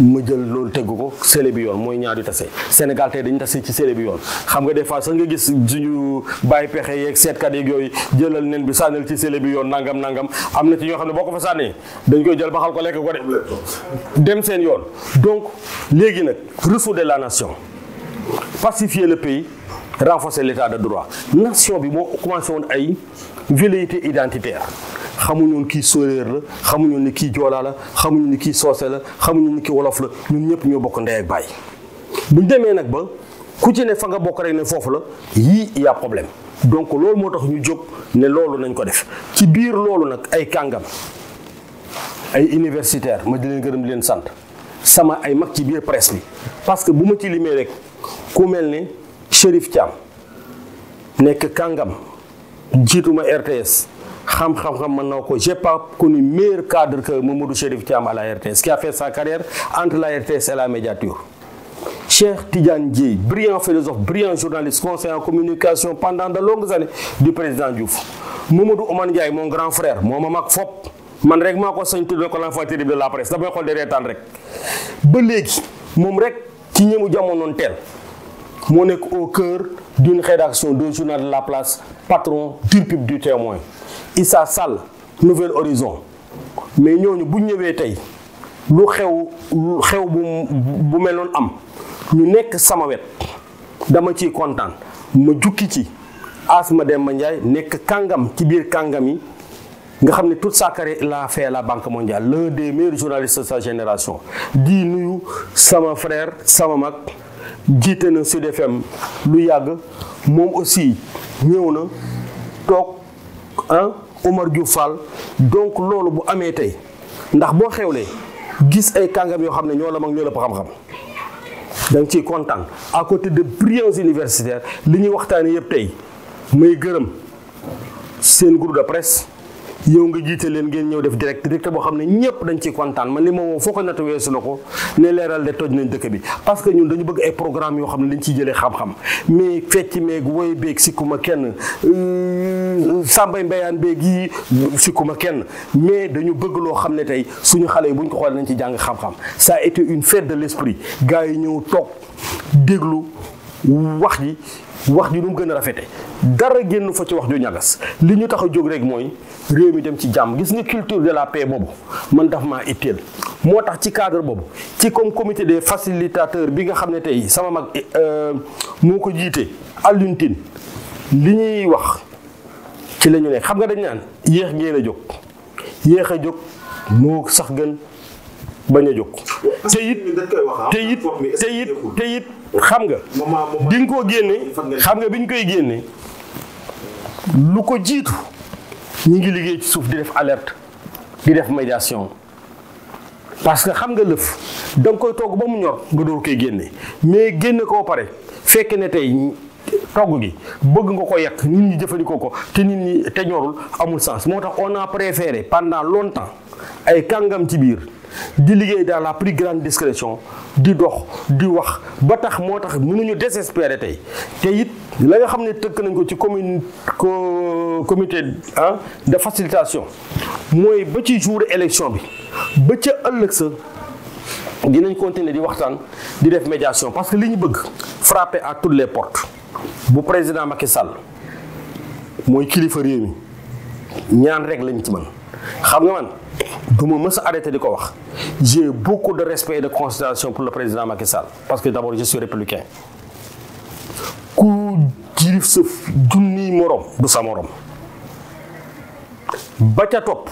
[SPEAKER 2] ma jël loolu tegu ko sele bi yoon mooy ñaari tase Sénégal tey dañu tase ci sele bi yoon xam nga des fois sax nga gis suñu bàyyi pexe yeeg seetkat yeeg yooyu jëlal nen bi sànnil ci sele bi yoon nangam nangam am na ci ñoo xam ne boo ko fa sànnee dañ koy jël baxal ko lekk ko de dem seen yoon donc léegi nag de la nation pacifier le pays renforcer l'état de droit nation bi moo commencé woon ay velléité identitaire xamuñu kii séeréer la xamuñu ni kii joolaa la xamuñu ne kii soose la xamuñu ne kii wolof la ñun ñëpp ñoo bokk ndey ak baay buñ demee nag ba ku ci ne fa nga bokk rek ne foofu la yii y problème donc loolu moo tax ñu jóg ne loolu nañ ko def ci biir loolu nag ay kàngam ay universitaire ma di leen gërëm leen sant sama ay mag ci biir presse bi parce que bu ma ci rek ku mel ne Chérif Thiam nekk kàngam jiituma RTS xam-xam-xam mën na ko j'ai pas connu meilleur cadre que Mamadou Chérif Thiam à la RTS qui a fait sa carrière entre la RTS et la médiature Cheikh Tidiane Dièye brillant philosophe brillant journaliste conseiller en communication pendant de longues années du président Diouf Mamadou Oman Ndiaye mon grand frère moo ma mag fop man rek maa ko sañ tuddee ko l'enfant terrible de la presse damay xool di reetaan rek ba léegi moom rek ci ñëwu jamonoon moo nekk au cœur d'une rédaction de journal de la place patron du pub du témoin Issa Sall nouvelle Horizon mais ñooñu bu ñëwee tey lu xew xew bu bu mel am ñu nekk sama wet dama ciy kontaan ma jukki ci Asma ma Ndiaye nekk kàngam ci biir kàngam yi nga xam ne toute sa carrière la fait la banque mondiale l'un des meilleurs journalistes de sa génération di nuyu sama frère sama mag jiite na Sud FM lu yàgg moom aussi ñëw na toog ah Omar Diouf Fall donc loolu bu amee tey ndax boo xewlee gis ay kàngam yoo xam ne ñoo la mag ñoo la xam-xam da nga ciy kontaan à côté de brillants universitaires li ñuy waxtaanee yëpp tey may gërëm seen groupe de presse. yow nga jiite leen ngeen ñëw def direct direct boo xam ne ñëpp dañ ci kontaan man li ma woo foo ko natt weesu ko ne leeral de toj nañ dëkk bi parce que ñun dañu bëgg ay programme yoo xam ne dañ ciy jëlee xam-xam mais fecc meeg woy beeg sikkuma kenn euh, sàmbay mbéyaan beeg yi sikkuma kenn mais dañu bëgg loo xam ne tey suñu xale yi bu ñu ko xool nañ ci jàng xam-xam ça a été une fête de l'esprit gars yi ñëw toog déglu wax ji wax ji lu mu gën a rafete dara génn fa ci wax ju ñagas li ñu tax a jóg rek mooy réew mi dem ci jàmm gis nga culture de la paix boobu man daf maa itteel moo tax ci cadre boobu ci comme comité des facilitateurs bi nga xam ne tey sama mag euh, moo ko jiite Alioune li ñuy wax ci lañu ñu xam nga dañ naan yéex ngeen a jóg yéex a jóg moo sax gën bañ a jóg te it ah, te it xam nga di nga koo génne xam nga bi ñu koy génne lu ko jiitu ñu ngi liggéey ci suuf di def alerte di def médiation parce que xam nga lëf da koy togg ba mu ñor nga door koy génne mais génne koo pare fekk ne tey togg gi bëgg nga ko yàq nit ñi jëfandikoo ko te nit te ñorul amul sens moo tax on a préféré pendant longtemps ay kàngam ci biir di liggéey dans la plus grande discrétion di dox di wax ba tax moo tax mënuñu désespérer tey tey it la nga xam ne tëkk nañ ko ci commune ko comité ah de facilitation mooy ba ci jour élection bi ba ca ëllëg sa dinañ continuer di waxtaan di def médiation parce que li ñu bëgg frapper à tout les porte bu président Macky Sall mooy kilifa réew mi ñaan rek lañ ci mën xam nga man du ma mës a arrêté di ko wax j'ai beaucoup de respect de considération pour le président Macky Sall parce que d'abord je suis républicain ku jirif sa junniy morom du sa morom ba ca topp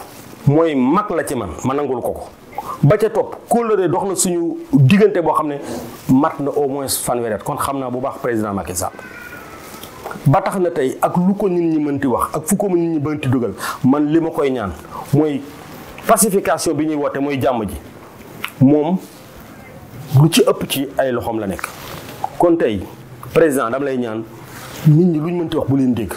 [SPEAKER 2] mooy mag la ci man ma nangul ko ko ba ca topp kóllëre dox na suñu diggante boo xam ne mat na au moins fanweeri kon xam naa bu baax président Macky Sall ba tax na tey ak lu ko nit ñi mënti wax ak fu ko nit ñi mënti dugal man li ma koy ñaan mooy pacification bi ñuy woote mooy jàmm ji moom lu ci ëpp ci ay loxoom la nekk. kon tey président dama lay ñaan nit ñi lu ñu mënti wax bu leen dégg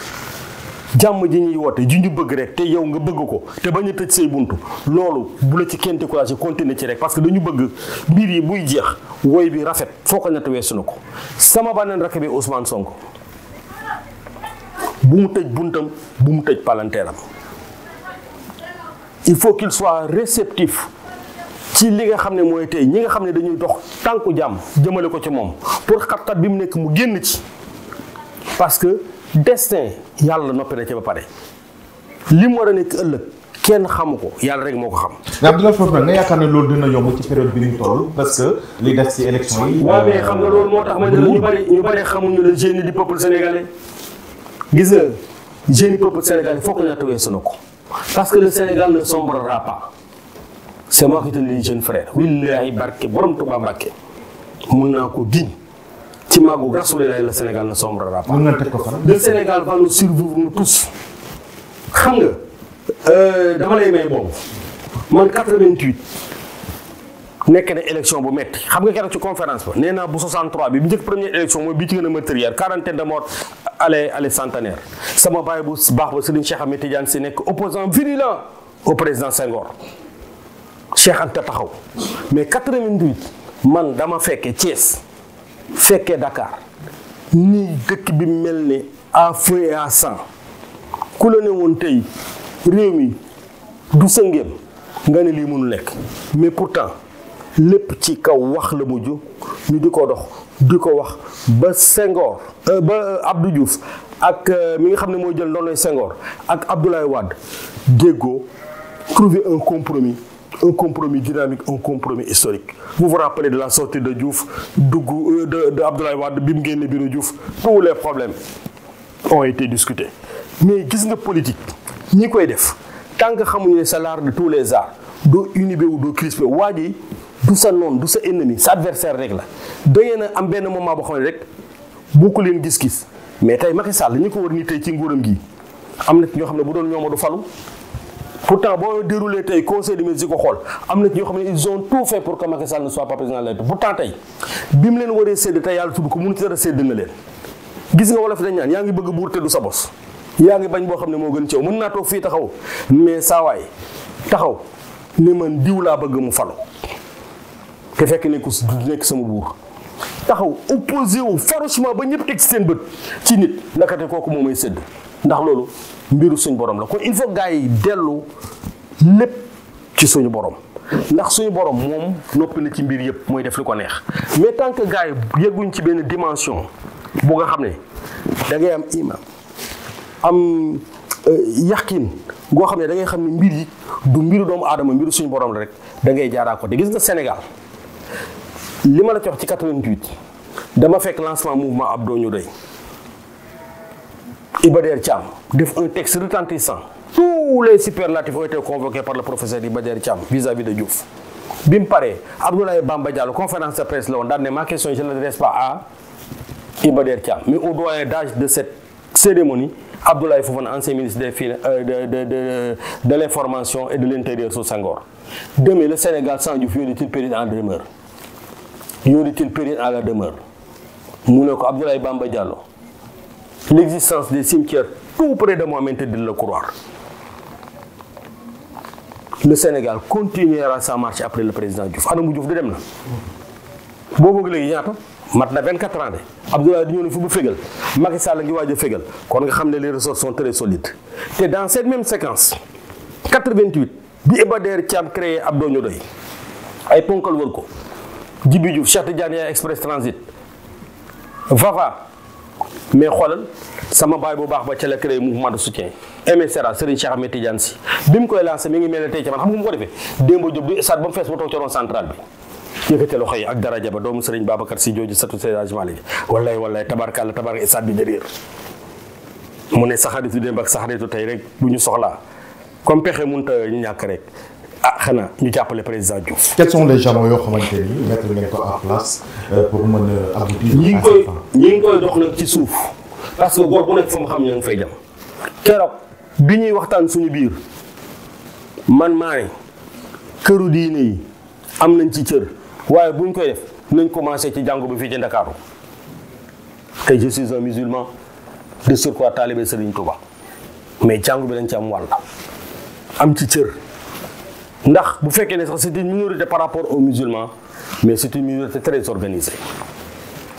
[SPEAKER 2] jàmm ji ñuy woote ju ñu bëgg rek te yow nga bëgg ko te bañ a tëj say bunt loolu bu la ci kenn découragé continuer ci rek parce que dañu bëgg mbir yi muy jeex woy bi rafet foo ko natt weesu na ko sama beneen rakk bi Ousmane Sonko. bu mu tëj buntam bu mu tëj palanteeram il faut qu'il soit réceptif ci li nga xam ne mooy tey ñi nga xam ne dañuy dox tànku jàmm jëmale ko ci moom pour xat-xat bi mu nekk mu génn ci parce que destin yàlla noppi na ci ba pare li mu war a nekk ëllëg kenn xamu ko yàlla rek moo ko xam.
[SPEAKER 1] mais Abdoulaye Fofana nag nga yaakaar ne loolu dina yomb ci période bi ñu toll parce que li def ci élection yi. waaw euh, xam nga loolu moo tax ma ne la ñu
[SPEAKER 2] bari ñu bari xamuñu le génie du peuple sénégalais. gis nga jeunes sénégal peuple sénégalais foog ñaata weesu na ko parce que le Sénégal ne sombrera pas c'est moi qui te le dis jeune frère wallaahi barke borom Tuubaa Mbàkke mun naa ko giñ ci màggu Rasulullah le Sénégal ne sombrera pas. le Sénégal va nous survivre nous tous. xam nga euh, dama lay may boobu man 88. nekk na élection bu métti xam nga keroog ci conférence ba nee naa bu 63 bi bi njëkk première élection mooy bi ci gën a meurtrière quarantaine de morts allé centenaire sama baay bu baax ba Serigne Cheikh Ahmed Tidiane si nekk opposant virulent au président Senghor Cheikh Anta taxaw mais 88 man dama fekkee Thiès fekkee Dakar nii dëkk bi mel ni à feu et à sang ku la ne woon tey réew mi du sëngéem nga ne lii mënu nekk mais pour temps lépp ci kaw wax la mujj ñu di ko dox di ko wax ba Senghor euh, ba euh, Abdou juuf ak euh, mi nga xam ne mooy jël ndonoy sengoor ak Abdoulaye Wade déggoo trouver un compromis un compromis dynamique un compromis historique vous vous rappelez de la sortie de Diouf dugg de de Abdoulaye Wade bi mu génne biiru Diouf tous les problèmes ont été discutés mais gis nga politique ñi koy def tant que xamuñu ne c'est l'art de tous les arts doo inhibé wu doo crispé waa ji du sa noon du sa ennemi sa adversaire rek la da ngeen a am benn moment boo xam ne rek bokku leen gis-gis mais tey Macky Sall ñu ko war ni tey ci nguuram gi am na ci ñoo xam ne bu doon ñooma du falu pourtant boo déroulé tey conseil des ministres ko xool am na ci ñoo xam ne ils tout fait pour que Macky Sall ne soit pas président de la République pourtant tey bi mu leen waree sédd tey yàlla tudd ko mun ci dara sédd na leen gis nga wala fi dañ naan yaa ngi bëgg buur te du sa bos yaa ngi bañ boo xam ne moo gën ci yow mën naa toog taxaw mais saawaay taxaw ne man diw laa bëgg mu falu te fekk nekku nekk sama buur taxaw opposé wu farouchement ba ñëpp teg seen bët ci nit ndakate kooku moom may sëdd ndax loolu mbiru suñ borom la kon il gaay dellu lépp ci suñu borom ndax suñu borom moom noppi na ci mbir yëpp mooy def li ko neex mais tant que gars yi yegguñ ci benn dimension bu nga xam ne da ngay am iman am euh, yaqin goo xam ne dangay xam ne mbir yi du mbiru doomu aadama mbiru suñu borom la rek da ngay jaaraa ko te gis nga Sénégal li ma la jox ci 88 dama fekk lancement mouvement Abdou ñu doy Iba Der Thiam def un texte retentissant tous les superlatifs ont été convoqués par le professeur Iba Der Thiam vis-à-vis de Diouf bi mu paree Abdoulaye Bamba Diallo conférence de presse la woon daan ne ma question je ne l'adresse pas à Iba Der Thiam mais au doyen d'âge de cette cérémonie Abdoulaye Fofana ancien ministre des finances euh, de de de de l'information et de l'intérieur sous Senghor demain le Sénégal il péri en Yuritil péril à la demeure mu ne ko Abdoulaye Bamba Diallo l'existence des cimetières tout près de moi m'interdit de la croire le Sénégal continuera sa marche après le président Diouf ana mu Diouf di dem na boobu léegi ñaata mat na 24 ans de Abdoulaye di ñëw ne fi bu fégal Macky Sall ngi waaj a fégal kon nga xam ne les ressources sont très solide te dans cette même séquence 88 bi Iba Der Thiam créé Abdou Niodoye ay ponkal wër ko Djibi Diouf Cheikh Tidiane Yaye Express Transit Vava mais xoolal sama baay bu baax ba ca la créé mouvement de soutien MSRA Serigne Cheikh Ahmed Tidiane Sy bi mu koy lancé mi ngi mel ne tey ci man xam nga mu ko defee Demba Diop du stade ba mu fees ba toog ca bi yëkkate loxo yi ak daraja ba doomu Serigne Babacar Sy jooju satu séragement léegi wallaay wallaay tabarkàlla tabarka stade bi derrière mu ne saxaritu démb ak saxaritu tey rek bu ñu soxlaa comme pexe mënut a ñàkk rek ah xanaa ñu jàppale président Diouf.
[SPEAKER 1] les jalons yoo xamante ni mettre ngeen ko en euh, a ñi
[SPEAKER 2] ngi koy dox nag ci suuf parce que góor bu nekk fa mu xam ña nga fay jam keroog bi ñuy waxtaan suñu biir man maa këru diine yi am nañ ci cër waaye bu ñu koy def nañ commencé ci jàngu bi fii ci Ndakaaru te je suis un musulman de surcroît talibé Serigne Touba mais jàngu bi dañ ci am wàll am ci cër. ndax bu fekkee ne sax c'est une minorité par rapport aux musulmans mais c'est une minorité très organisée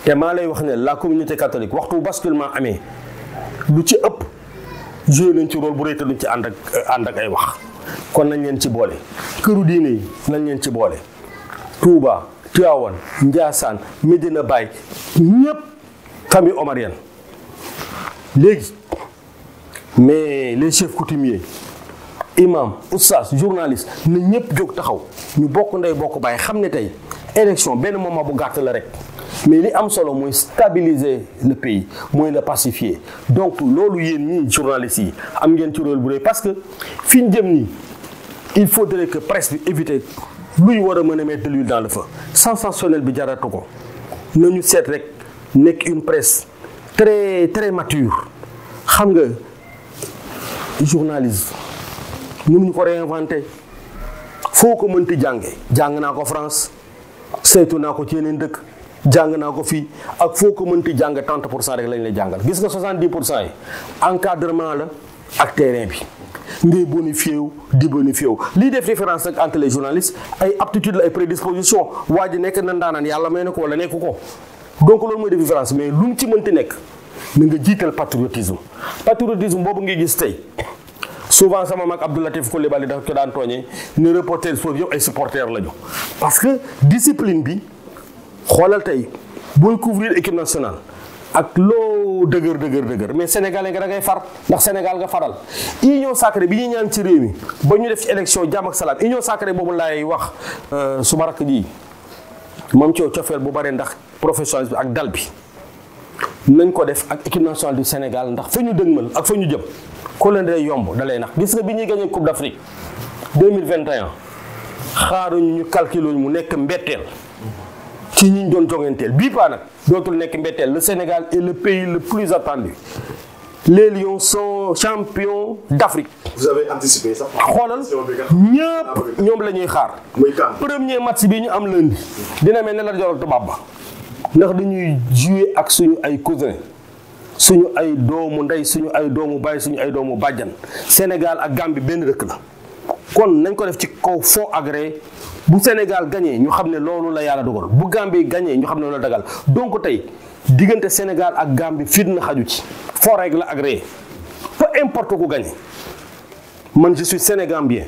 [SPEAKER 2] te maa lay wax ne la communauté catholique waxtu basculement amee lu ci ëpp joué nañ ci rôle bu rëy te ci ànd ak euh, ànd ak ay wax kon nañ leen ci boole këru diine yi nañ leen ci boole Touba Tivaouane Ndiassane Medina Baye ñëpp famille omarienne léegi mais les chefs coutumiers imam oustaz journaliste na ñëpp jóg taxaw ñu bokk ndey bokk bàyyi xam ne tey élection benn moment bu gàtt la rek mais li am solo mooy stabiliser le pays mooy le pacifier donc loolu yéen ñii journalistes yi am ngeen ci rôle bu rëy parce que fii ñu jëm nii il faut faudrait que presse bi éviter luy war a mën a mettre de l'huile dans le feu sensationnel bi jaratu ko ñu seet rek nekk une presse très très mature xam nga journaliste mënuñu ko réinventé foo ko mënti jànge jàng naa ko France saytu naa ko ci yeneen dëkk jàng naa ko fii ak foo ko mënti jàng 30 pour cent rek lañ lay jàngal gis nga 70 pour cent yi encadrement la ak terrain bi ngay bonifié wu di bonifié wu lii def différence ak entre les ay aptitude la ay prédisposition waa ji nekk na ndaanaan yàlla may na ko wala nekk ko donc loolu mooy def différence mais lu mu ci mënti nekk na nga jiital patriotisme patriotisme boobu ngay gis tey souvent sama mag Abdou Latif Coulibaly dafa ko daan tooñee ne reporter foofu yëpp ay supporters lañu parce que discipline bi xoolal tey booy couvrir équipe nationale ak loo dëgër dëgër dëgër mais sénégalais nga da ngay far ndax Sénégal nga faral union sacrée bi ñuy ñaan ci réew mi ba ñu def élection jàmm ak salaam union sacrée boobu laay wax euh, suma rakk ji moom coow cofeel bu bare ndax profession bi ak dal bi nañ ko def ak équipe nationale du Sénégal ndax fa ñu dëgmal ak fa ñu jëm kóllëre day yomb da lay nax gis nga bi ñuy gagné Coupe d'Afrique 2021 xaaruñ ñu calculer mu nekk mbetteel ci ñu doon jonganteel bii paa nag dootul nekk mbeteel le Sénégal est le pays le plus attendu les lions sont champions d'Afrique. vous avez xoolal ñëpp ah, ñoom la ñuy xaar. premier match bi ñu am lundi. dina mel ne la Joor tubaab ba ndax dañuy jouer ak suñu ay cousin suñu ay doomu ndey suñu ay doomu baay suñu ay doomu bàjjan Sénégal ak gambi benn dëkk la kon nañ ko def ci kaw foo agré bu Sénégal gañee ñu xam ne loolu la yàlla dogal bu Gambie gañee ñu xam ne loolu la dagal donc tey diggante Sénégal ak Gambie fitna xaju ci foo rek la agré peu importe ku gagné man je suis sénégambien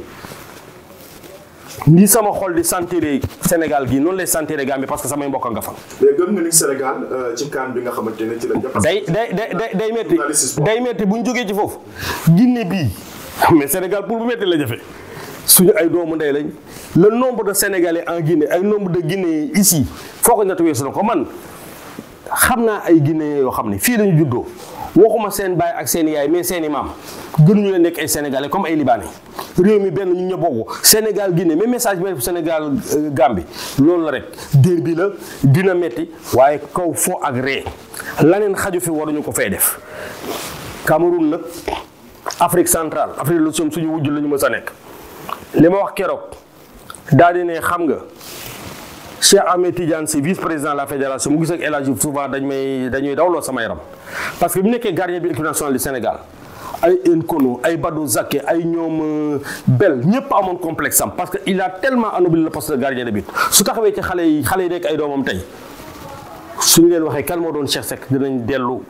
[SPEAKER 2] ni sama xol di sentir Sénégal gi noonu lay sentir Gambie parce que samay mbokk nga fa.
[SPEAKER 1] mais gëm nga ni euh, bi nga xamante ne ci la. day
[SPEAKER 2] day day day métti day métti bu ñu jógee ci foofu. Guinée bii mais Sénégal pour bu métti la jafe suñu ay doomu ndey lañ le nombre de Sénégalais en Guinée ay nombre de Guinéens ici foo ko ñett weesu na ko man xam naa ay Guinéens yoo xam ne fii lañu juddoo. waxuma seen baay ak seen yaay mais seeni i maam gënuñu leen nekk ay sénégalais comme ay libanais réew mi benn ñu ña bokk Sénégal Guinée mais message bi def Sénégal euh, Gambie loolu la rek dér bi la dina metti waaye kaw fo ak ree laneen xaju fi waruñu ko fay def Cameroun nag Afrique centrale Afrique lu soom suñu wujj la ñu mës a nekk li ma wax keroog daal ne xam nga Cheikh Ahmed Tidiane Sy vice président de la fédération mu gis ak El Hadj souvent dañ may dawloo sama yaram parce que bi nekkee gardien bi équipe nationale du Sénégal ay Nkono ay Badou Zaké ay ñoom euh, Bell ñëpp amoon complexe am parce que il a tellement anobli le poste de gardien de but su taxawee ci xale yi xale yi nekk ay doomam tey suñu leen waxee kan moo doon Cheikh Seck dinañ dellu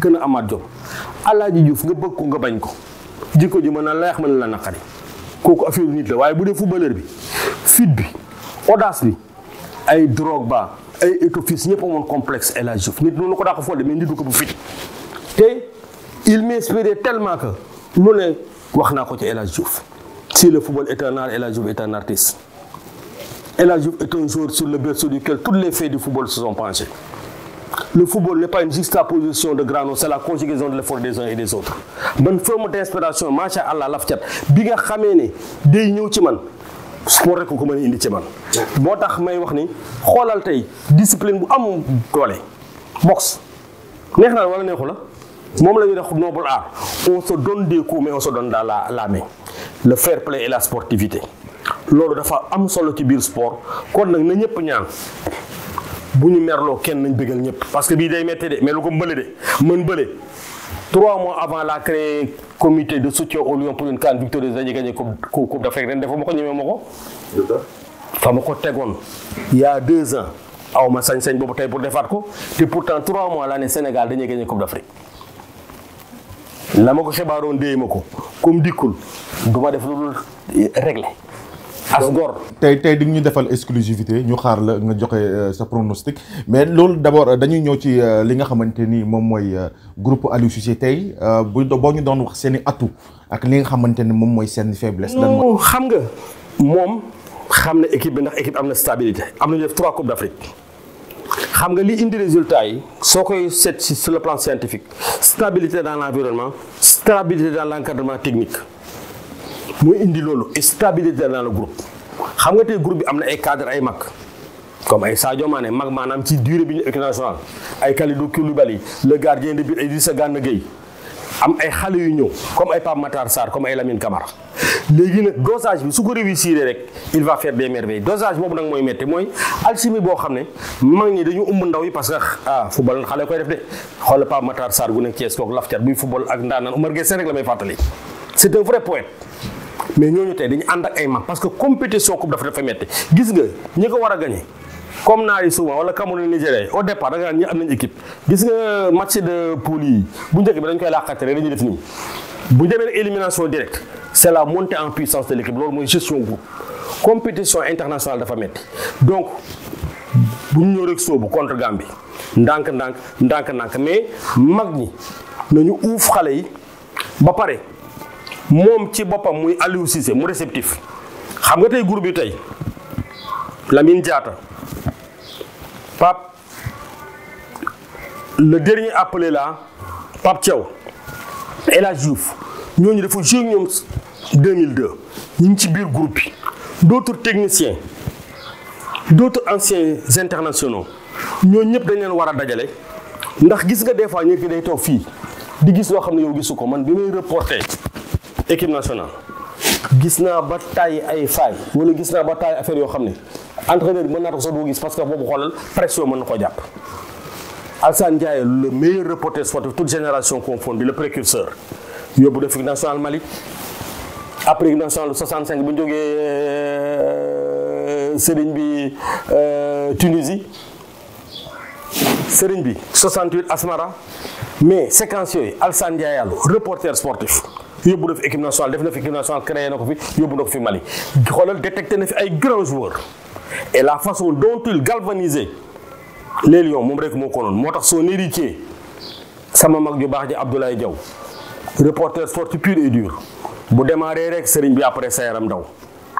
[SPEAKER 2] gën a amaat jom El Hadj Diouf nga bëgg ko nga bañ ko jikko ji mën na leex mën la naqari kooku affaire nit waaye bu dee footballeur bi fit bi audace bi. ay Drogba ay Eto'o ñëpp amoon complexe El Hadji Diouf nit noonu ko daa ko folle mais nit du ko bu fit te il m'inspirait tellement que lu ne wax naa ko ci El si le football est un art El Hadji Diouf est un artiste El Hadji Diouf est un joueur sur le berceau duquel toutes les faits du football se sont penchés le football n'est pas une juxtaposition de granos c'est la conjugaison de l'effort des uns et des autres man forme d'inspiration macha allah laf cat bi nga xamee ne day ñëw ci man sport rek ko mën a indi ci man. moo tax may wax ni xoolal tey disipline bu am doole. boxe neex na wala neexu la moom la ñuy def noble art on se donne des coups mais on se la la main le fair play et la sportivité loolu dafa am solo ci biir sport kon nag na ñëpp ñaan. bu ñu merloo kenn nañ bëggal ñëpp parce que bii day metti de mais lu ko mbële de mën bële trois mois avant la créé comité de soutien au Lions pour une CAN victorieuse dañuy gagné coupe coupe d'Afrique ren dafa ma ko ñemee ma ko. fa ma ko tegoon il y a deux ans aw ma sañ-sañ boobu tey pour defaat ko te pourtant trois mois la ne Sénégal dañuy gagné coupe d'Afrique la ma ko xibaaroon déy ma ko comme dikkul du def lu dul as gor
[SPEAKER 1] tey tey di ñu defal exclusivité ñu xaar la nga joxe euh, sa pronostic mais loolu d'abord euh, dañuy ñëw ci euh, li nga xamante ni moom mooy groupe Aliou Cissé tey bu boo ñu doon wax seen i atout ak li nga xamante ni moom mooy seen faiblesse. lan mooy xam nga moom xam na équipe bi
[SPEAKER 2] ndax équipe am na stabilité am nañu def trois coupes d'Afrique xam nga li indi résultat yi soo koy seet ci sur le plan scientifique stabilité dans l'environnement stabilité dans l'encadrement technique. mooy indi loolu stabilité dans la group xam nga te groupe bi am na ay cadre ay mag comme ay Sadio Mané mag maanaam ci durée bi ñu ay nationale ay Kalidou Koulibaly le gardien de bi ay Idrissa Gana Gueye am ay xale yu ñëw comme ay Pape Matar Sarr comme ay Lamine Camara léegi nag dosage bi su ko réussir rek il va faire des merveilles dosage boobu nag mooy metti mooy alchimie boo xam ne mag ñi dañu ëmb ndaw yi parce que ah football xale koy def de xool Pape Matar Sarr gu nekk Thiès kooku lafcat buy football ak ndaanaan Umar mais ñoo ñooñu tey dañu ànd ak ay mag parce que compétition coupe dafa dafa metti gis nga ñi ko war a gagné comme naar yi souvent wala Cameroun Nigéria yi au départ da nga naan ñi am nañu équipe gis nga match de poule yi bu njëkk bi dañ koy laaxaate rek dañuy def nii bu demee élimination directe c' est la montée en puissance de l' équipe loolu mooy gestion groupe compétition internationale dafa metti donc bu ñu ñëw rek soobu contre Gambie ndànk ndànk ndànk ndànk mais mag ñi nañu uuf xale yi ba pare. moom ci boppam muy Aliou Cissé mu réceptif xam nga tey groupe bi tey Lamine Diatta Pape le dernier appelé là Pape Thiaw El Hadj Diouf ñooñu dafa joué ñoom 2002 ñu ngi ci biir groupe bi d'autres technicien d'autres anciens internationaux ñooñu ñëpp dañ leen war a dajale ndax gis nga des fois ñëpp day toog fii di gis loo xam ne yow gisu ko man bi may reporté. équipe nationale gis naa ba tàyyi ay faay wala gis naa ba tàyyi affaire yoo xam ne entraîneur bi mën naa ko sax doo gis parce que boobu xoolal pression mën na ko jàpp. Alassane Ndiaye le meilleur reporter sportif toute génération confondue le précurseur yóbbu def équipe nationale Mali après équipe nationale 65 bu ñu jógee euh, sëriñ bi euh, Tunisie sëriñ bi 68 Asmara mais séquence yooyu Alassane Ndiaye Diallo reporter sportif. yóbbu na fi équipe nationale def na fi équipe nationale créé na ko fi yóbbu na ko fi Mali xoolal détecté na fi ay grands joueurs et la façon dont il galvanisait les lions moom rek moo ko noonu moo tax soo son héritier sama mag ju baax ji Abdoulaye Diaw reporter sportif pur et dur bu démarré rek sëriñ bi après sa yaram daw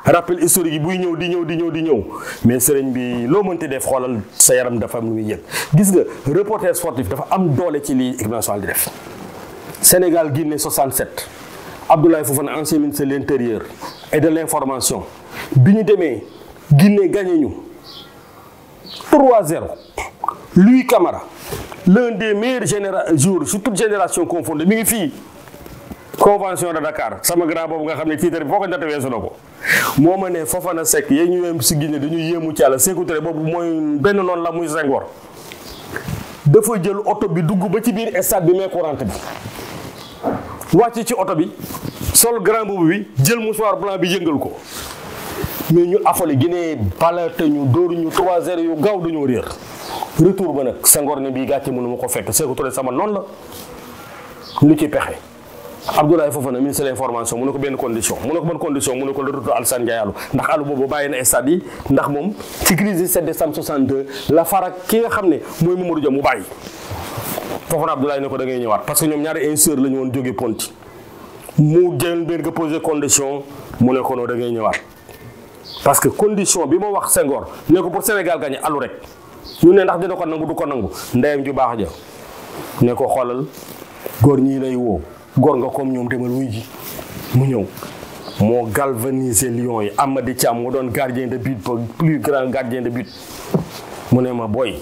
[SPEAKER 2] rappel historique yi buy ñëw di ñëw di ñëw di ñëw mais sëriñ bi loo mënti def xoolal sa yaram dafa am lu muy yëg gis nga reporter sportif dafa am doole ci lii équipe nationale di def Sénégal Guinée 67. Abdoulaye Fofana ancien ministre de l'intérieur et de l'information bi ñu demee Guinée gagné ñu 3-0 Louis Camara l'un des meilleurs généra jour sur toute génération confondue mi ngi fii convention de Dakar sama grand boobu nga xam ne titre bi foo ko jot a weesu na ko moo ma ne Fofana Seck yéen ñu yem si Guinée dañuy yéemu ci Yàlla Sékou Touré boobu mooy benn noonu la muy Senghor dafa jël oto bi dugg ba ci biir stade bi mais courante bi. wàcc ci oto bi sol grand boubou bi jël mouchoir blanc bi yëngal ko mais ñu affolé Guinée bala te ñu dóoruñu 3 yu gaaw dañoo réer retour ba nag Senghor ne bii gàcce mënu ma ko fekk Sékou Touré sama noonu la lu ci pexe. Abdoulaye Fofana ministre de l'information mu ne ko benn condition mu ne ko ban condition mu ne ko le retour Alassane Ndiaye ndax allo boobu bàyyi na stade ndax moom ci crise 7 décembre 62 la farak ki nga xam ne mooy Mamadou Dia mu bàyyi. foofu Fofana Abdoulaye ne ko dangay ngay ñëwaat parce que ñoom ñaari investisseurs la ñu woon jóge Ponti mu jël benn nga posé condition mu ne ko noo da ngay ñëwaat parce que condition bi ma wax Senghor ne ko pour Sénégal gagné alu rek ñu ne ndax dina ko nangu du ko nangu ndeyam ju baax ja ne ko xoolal góor ñii lay woo góor nga comme ñoom demal wuy ji mu ñëw moo galvaniser Lions yi am ma Amady Thiam mu doon gardien de but ba plus grand gardien de but mu ne ma booy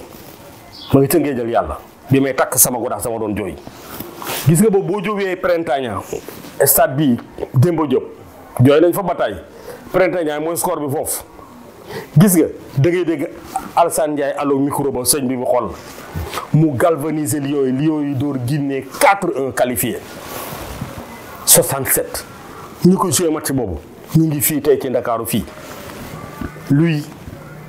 [SPEAKER 2] ma ngi tëngee jël yàlla bi may takk sama godaas sama doon jooy gis nga boobu boo jógee Printania stade bi Demba Diop jooy nañ fa bataille Printania mooy score bi foofu gis nga da ngay dégg Alassane Ndiaye allo micro ba sëñ bi mu xool mu galvaniser Lions yi Lions yi dóor Guinée 4-1 qualifié 67 ñu ko joué match boobu ñu ngi fii tey ci Ndakaaru fii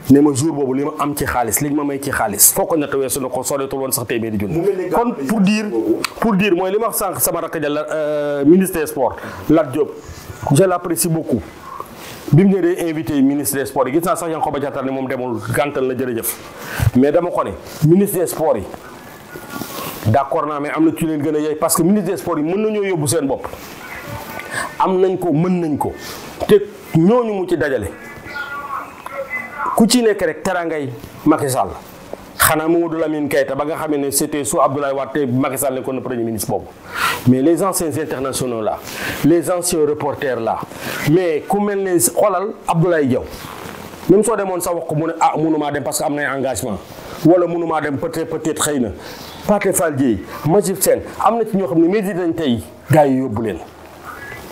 [SPEAKER 2] ne ma jour boobu li ma am ci xaalis li ma may ci xaalis foo ko natt weesu na ko soreetul woon sax téeméeri junni kon pour dire pour dire mooy li ma wax sànq sama rakk ja la euh, ministre des sports Lat Diop je l'apprécie beaucoup bi mu ne dee invité ministre des sports yi gis naa sax yaa ngi ko ba jàttal ne moom demul gàntal na jërëjëf mais dama ko ne ministre des sports yi d'accord naa mais am na ci leen gën a yey parce que ministre des sports yi mën nañoo yóbbu seen bopp nañ ko mën nañ ko te mu ci dajale ku ci nekk rek terangay Macky Sall xanaa Mamadou Lamine Keïta ba nga xamee ne c'était sous Abdoulaye Wade te Macky Sall nekkoon na premier ministre boobu mais les anciens internationaux là les anciens reporters là mais ku mel ne xoolal Abdoulaye Diaw même soo demoon sa wax ko mu ne ah mënumaa dem parce que am nay engagement wala munumaa dem peut-être peut-être xëy na Pathé Fall Dieye Majib Sène am na ci ñoo xam ne mérite nañ tey gars yóbbu leen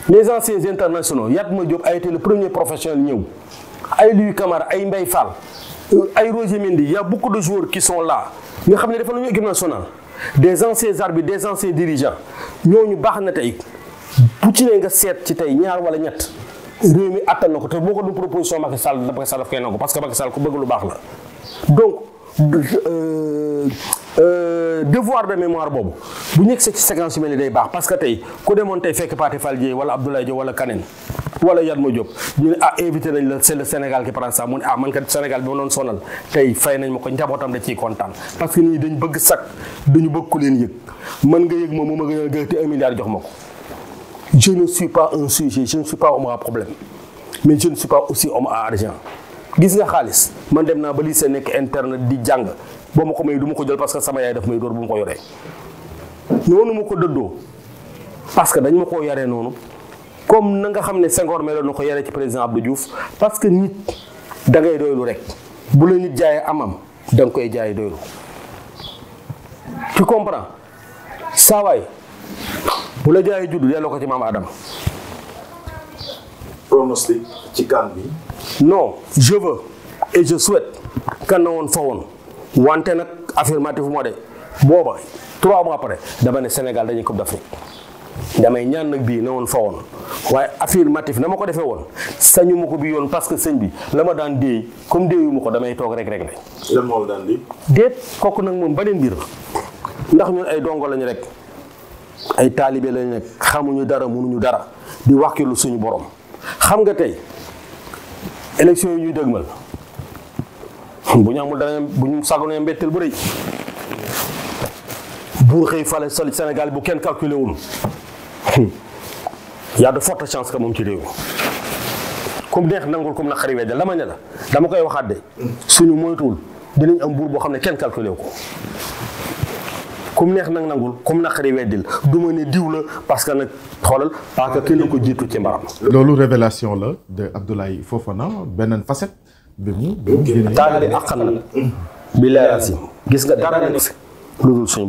[SPEAKER 2] les anciens internationaux Yatma Diop a été le premier professionnel ñëw ay Louis Camara ay Mbaye Fall ay Roger Mendy y' a beaucoup de joueurs qui sont là nga xam ne dafa la ñu équipe nationale des anciens arbitres des anciens dirigeants ñooñu baax na tey bu ci ne nga seet ci tey ñaar wala ñett réew mi attan na ko te boo ko doon proposition Macky Sall Macky Sall daf koy nangu parce que Macky Sall ku bëgg lu baax la Euh, euh, devoir de mémoire boobu bu nekk ci séquence yu day baax parce que tey ku demoon tey fekk Pathé Fall Dieye wala Abdoulaye Diop wala Kaneen wala Yatma Diop ñu ne ah invité nañ la c'est le Sénégal qui prend ça mu ne ah man kat Sénégal bi ma doon sonal tey fay nañ ma ko njabootam da ciy kontaan parce que nii dañ bëgg sax dañu bëgg ku leen yëg man nga yëg moom mu ma gën a un milliard jox ma ko je ne suis pas un sujet je ne pas homme problème mais je ne suis pas aussi homme gis nga xaalis man dem naa ba lycée nekk internet di jàng boo ma ko may du ma ko jël parce que sama yaay daf may dóor bu ma ko yoree noonu ma ko dëddoo parce que dañ ma ko yaree noonu comme na nga xam ne Senghor meloon na ko yaree ci président Abdou Diouf parce que nit da ngay doylu rek bu la nit jaayee amam da nga koy jaay doylu tu comprends saa waay bu la jaayee juddu delloo ko ci maam Adama pronostic ci kan bi. non je veux et kan na woon fa woon wante nag affirmative moo de booba trois mois après dama ne Sénégal dañuy Coupe d'Afrique damay ñaan nag bii na woon fa woon waaye affirmative na ma ko defee woon sañu ma ko bi yoon parce que sëñ bi la ma daan déey comme déeyu ma ko damay toog rek rek la. moo daan déey. déet kooku nag moom beneen mbir ndax ñun ay dongo lañu rek ay taalibe lañu rek xamuñu dara mënuñu dara di wàkkilu suñu borom. xam nga tey élection yu ñuy dëgmal bu ñu amul dara bu ñu sàggoonee mbetteel bu rëy buur xëy fale sal Sénégal bu kenn calculé wul y a de fortes chances que moom ci réew mi comme neex nangul comme na xariwee de la ma ne la dama koy waxaat de suñu moytuwul du dinañ am buur boo xam ne kenn calculé wu ko. kum neex nag nangul kum naqari weddil du ma ne diw la parce que nag xoolal parce que kenn ko
[SPEAKER 1] jiitu ci mbaram. loolu révélation la de Abdoulaye na beneen facette. bi mu bi mu génnee taalibe àqal na. billaay asim gis nga dara nekk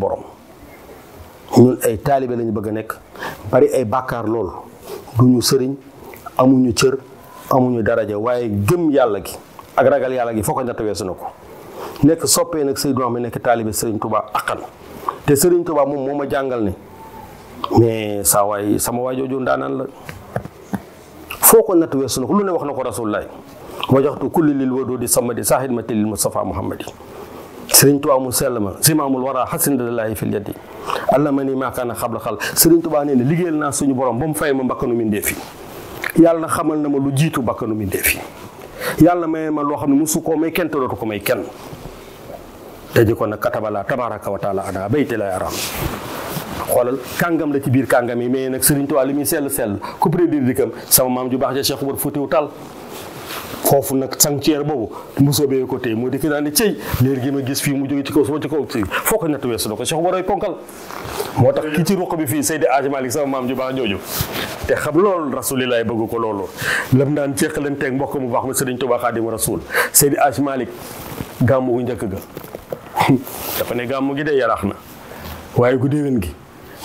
[SPEAKER 1] borom.
[SPEAKER 2] ay taalibe lañu bëgg a nekk bari ay bàkkaar lool duñu sëriñ amuñu cër amuñu daraja waaye gëm yàlla gi ak ragal yàlla gi foo ko natt weesu na ko nekk soppee nag Seydou Mame nekk taalibe Sëriñ Touba àqal. te Serigne Touba moom moo ma jàngal ne mais saa waay sama waay jooju ndaanaan la foo ko natt weesu na ko lu ne wax na ko rasulullah wajaxtu kulli lil wadudi samadi saaxid ma tilil Mustafa Muhammadi Serigne Touba mu sell ma simaamul wara xasindallaahi fil yadi allama ni maakaana xabla xal Serigne Touba nee na liggéeyal naa suñu borom ba mu fay ma mbakkanu mindeef yi yàlla xamal na ma lu jiitu mbakkanu mindeef yi yàlla may ma loo xam ne musu koo may ko may dañu ko nag katabalaa tabaraka wa taala ana bayti la yaram xoolal kàngam la ci biir kàngam yi mais nag Serigne Touba li muy sell sell ku prédire dikam sama maam ju baax ja Cheikh Oumar Foutiyou Tall foofu nag sanctuaire boobu mosoo bee ko tey moo di fi daan ne cey léer gi ma gis fii mu jóge ci kaw suba ci kaw si foo ko ñetti ko Cheikh Oumar ay moo tax ki ci ruq bi fii Seydi Hadji Malick sama maam ju baax jooju te xam loolu rasulilaay bëgg ko loolu lam daan ceeqalanteeg mbokk mu baax ma Serigne Touba Xaadimu Rasul Seydi Hadji Malick gàmmu gu njëkk ga dafa ne gàmmu gi de yaraax na waaye gu wen gi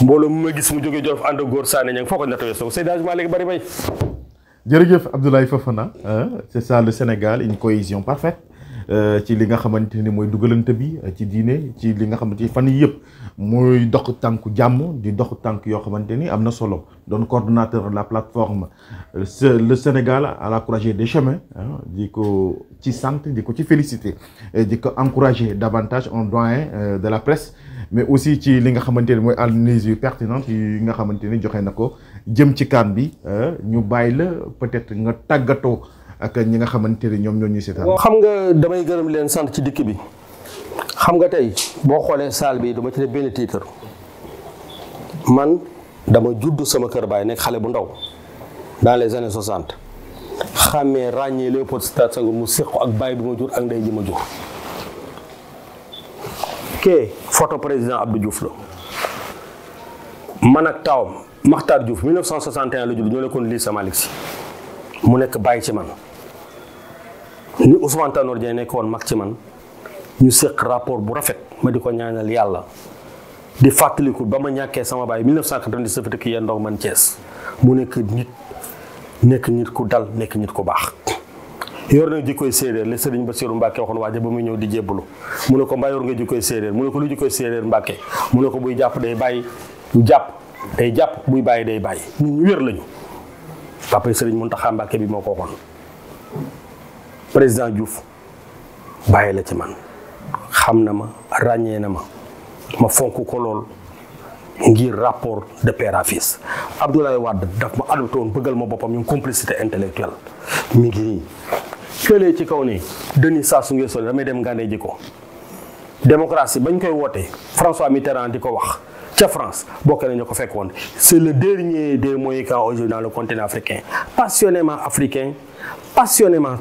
[SPEAKER 2] mbooloo mu ma gis mu jóge Jolof ànd ak góor Sané ña nga foo ko nattawee soog Seydi Hadji Malick bari bay
[SPEAKER 1] jërëjëf Abdoulaye Fofana c'est ça le Sénégal une cohésion parfaite Euh, ci li nga xamante ni mooy dugalante bi euh, ci diine ci li nga xamante ni fan yii yëpp muy dox tànku jàmm di dox tànk yoo xamante ni am na solo doon coordonnateur de la plateforme euh, le Sénégal à la croisée des chemins di ko ci sant di ko ci féliciter di ko encourager davantage en doyen de la presse mais aussi ci li nga xamante ni mooy analyse yu pertinente yi nga xamante ni joxe na ko jëm ci kan bi ñu bàyyi la peut-être nga tàggatoo ak ñi nga xamante ñoom ñoo ñuy seetaan. xam
[SPEAKER 2] nga damay gërëm leen sant ci dikk bi xam nga tey boo xoolee salle bi dama ci ne benn titre man dama judd sama kër baay nekk xale bu ndaw dans les années 60 xàmmee ràññee Léopold Sédar Senghor mu séqu ak baay bi ma jur ak ndey ji ma jur. kee photo président Abdou juuf la man ak taawam Makhtar Diouf 1961 la judd ñoo lekkoon lii sama Malick mu nekk bàyyi ci man. ni Ousmane Tanor Dieng nekkoon mag ci man ñu séq rapport bu rafet ma di ko ñaanal yàlla di fàttaliku ba ma ñàkkee sama baay 1997 dëkk yee ndox man Thiès mu nekk nit nekk nit ku dal nekk nit ku baax yor na jikkoy séeréer la sëriñ ba Bassirou Mbacke waxoon waaja ba muy ñëw di jébbalu mu ne ko mbaa yor nga jikkoy séeréer mu ne ko lu jikkoy séeréer Mbacke mu ne ko buy jàpp day bàyyi jàpp day jàpp buy bàyyi day bàyyi ñun ñu wér lañu papa sëriñ Mountakha Mbacke bi moo ko waxoon président Diouf bàyyi la ci man xam na ma ràññee na ma ma fonk ko lool ngir rapport de père à fils Abdoulaye Wade daf ma adopté woon bëggal ma boppam ñu complicité intellectuelle mu ngi nii këlee ci kaw nii Denis Sassou Nguesso damay dem ngàndee ji ko démocratie bañ koy woote François Mitterrand di ko wax ca France bokk nañu ko fekk woon c'est le dernier des Mohicans aujourd'hui dans le continent africain passionnément africain passionnément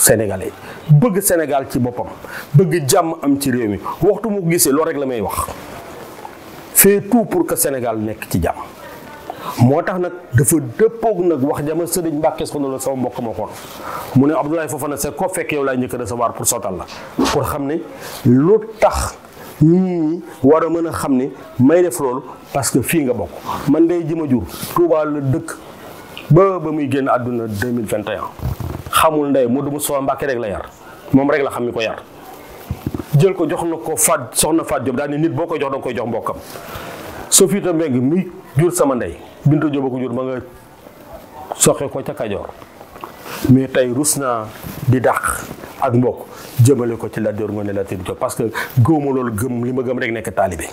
[SPEAKER 2] sénégalais bëgg Sénégal ci boppam bëgg jàmm am ci réew mi waxtu mu gisee loolu rek la may wax fait tout pour que Sénégal nekk ci jàmm moo tax nag dafa dëppoog nag wax jama sëriñ Mbàkke Soxna Lo sama mbokk ma xoon mu ne Abdoulaye Fofana Seck ko fekk yow laay njëkk recevoir pour sottal la pour xam ne lu tax ñii ñi war a mën a xam ne may def loolu parce que fii nga bokk man day ji ma jur Tuubaa la dëkk ba ba muy génn àdduna mille 2021 xamul ndey Modou Moustapha Mbacké rek la yar moom rek la xam ni ko yar jël ko jox na ko Fat soxna Fat Diop daal nit boo koy jox danga koy jox mbokkam Sofita Mbeng muy jur sama ndey Binta Diop ko jur ma nga soxe ko ca Kajoor mais tey rus naa di dàq ak mbokk jëmale ko ci Lat Joor Ngoone Latiir Joop parce que gëwma loolu gëm li ma gëm rek nekk taalibe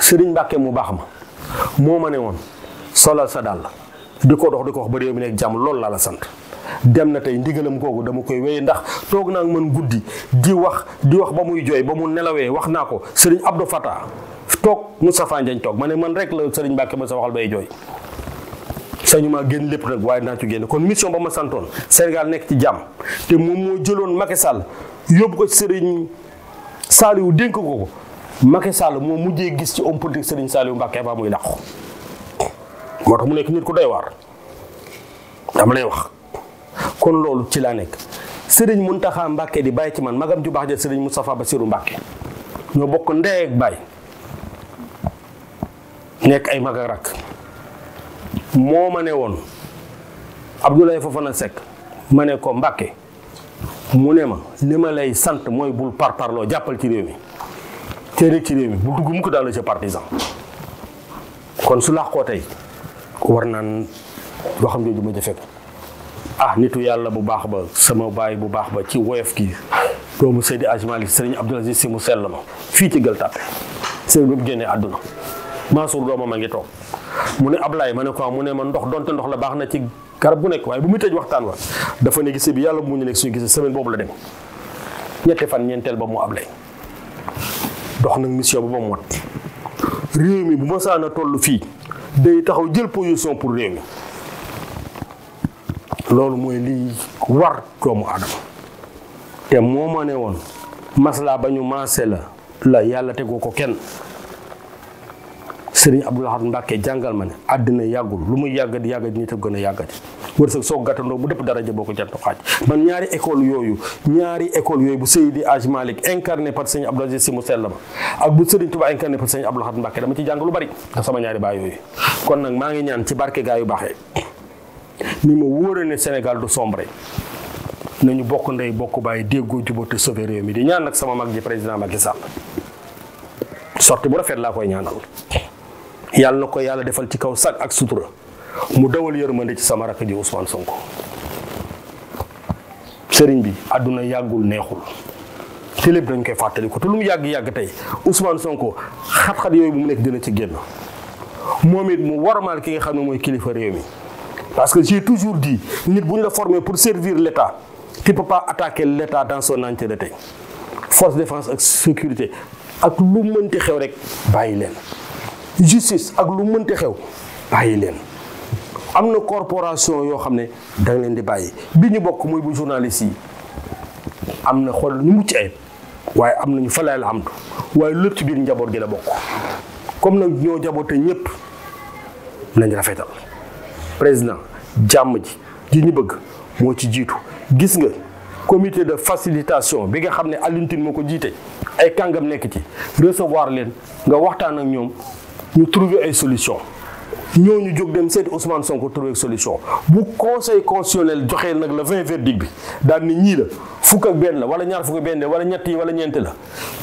[SPEAKER 2] Sëriñ Mbàkke mu baax ma moo ma ne woon solal sa dàll ko dox di ko wax ba réew mi nekk jàmm loolu laa la sant dem na tey ndigalam kooku dama koy wéy ndax toog naa man guddi di wax di wax ba muy jooy ba mu nelawee wax naa ko sëriñ Abdou Fata toog Moustapha Ndiagne toog ma ne man rek la sëriñ Mbacke ma sa bay jooy sañu maa lépp nag waaye naa ci génn kon mission ba ma santoon Sénégal nekk ci jàmm te moom moo jëloon Macky Sall yóbbu ko sëriñ Saliou dénk ko Sall moo mujjee gis ci homme politique sëriñ Saliou Mbacke ba muy dàqu moo tax mu nekk nit ku doy waar dama lay wax. kon loolu ci laa nekk sëriñ Muntaxa Mbàkke di bàyyi ci man magam ju baax ja sëriñ Moustapha Bassirou Mbàkke ñoo bokk ndey ak nekk ay magarak moo ma ne woon Abdoulaye a Seck ma ne ko Mbàkke mu ne ma li ma lay sant mooy bul parparloo jàppal ci réew mi te rek ci réew mi bu dugg mu ko daal ci partisan kon su laax koo tey war naan loo xam jooju ma jëfe ko ah nitu yàlla bu baax ba sama baay bu baax ba ci woyof gi doomu Seydi Aj Malik sëriñ Abdul Aziz si mu sell ma fii ci Gueule Tapée sëriñ bi mu génnee àdduna Mansour doomam a ngi toog mu ne ab Ablaye ma ne ko mu ne ma ndox donte ndox la baax na ci garab bu nekk waaye bu muy tëj waxtaan wa dafa ne gise bi yàlla mu ñu nekk suñu gise semaine boobu la dem ñetti fan ñeenteel ba mu Ablaye dox nag mission bu ba mu wat réew mi bu ma saana toll fii da taxaw jël position pour réew loolu mooy lii war doomu aadama te moo ma ne woon maslaa ba ñu maase la la yàlla tegoo ko kenn sëriñ Abdou Lahad Mbàkke jàngal ma ne àddina yàggul lu muy yàggati yàggati nit a gën a yàggati wërsëg soo gàttandoo bu dëpp daraja boo ko jant xaaj man ñaari école yooyu ñaari ecole yooyu bu Seydi di Malick incarné par sëriñ Abdou Aziz Sy mu sell ma ak bu sëriñ Tuubaa incarné par sëriñ Abdou Lahad Mbàkke dama ci jàng lu bari ndax sama ñaari baay yooyu kon nag maa ngi ñaan ci barke gaa yu baaxee ni ma wóoree ne Sénégal du sombre nañu bokk ndey bokk bàyyi déggoo jubóo te sauver réew mi di ñaan nag sama mag ji président Macky Sall sorti bu rafet laa koy ñaanal yàlla na ko yàlla defal ci kaw sag ak sutura mu dawal yërmande ci sama rakk ji Ousmane Sonko sëriñ bi àdduna yàggul neexul te lépp dañ koy fàttaliku ko te lu mu yàgg yàgg tey Ousmane Sonko xat-xat yooyu bu mu nekk dina ci génn moom it mu warmaal ki nga xam ne mooy kilifa réew mi. parce que j'ai toujours di nit bu ñu la former pour servir l' état tu peux pas l' état dans son entièreté force défense ak sécurité ak lu mënti xew rek bàyyi leen justice ak lu mënti xew bàyyi leen am na corporation yoo xam ne da leen di bàyyi bi ñu bokk mooy bu journaliste yi am na xool ñu mucc ayib waaye am nañu fa la am waaye lépp ci biir njaboot gi la bokk comme nag ñoo jaboote ñëpp nañ rafetal. président jàmm ji ji ñu bëgg moo ci jiitu gis nga comité de facilitation bi nga xam ne Alioune moo ko jiite ay kàngam nekk ci recevoir leen nga waxtaan ak ñoom ñu trouver ay solution ñooñu jóg dem seeti Ousmane Sonko trouver solution bu conseil constitutionnel joxee nag le 20 verdict bi daan ni ñii la fukk ak benn la wala ñaar fukk ak benn la wala ñett yi wala ñeenti la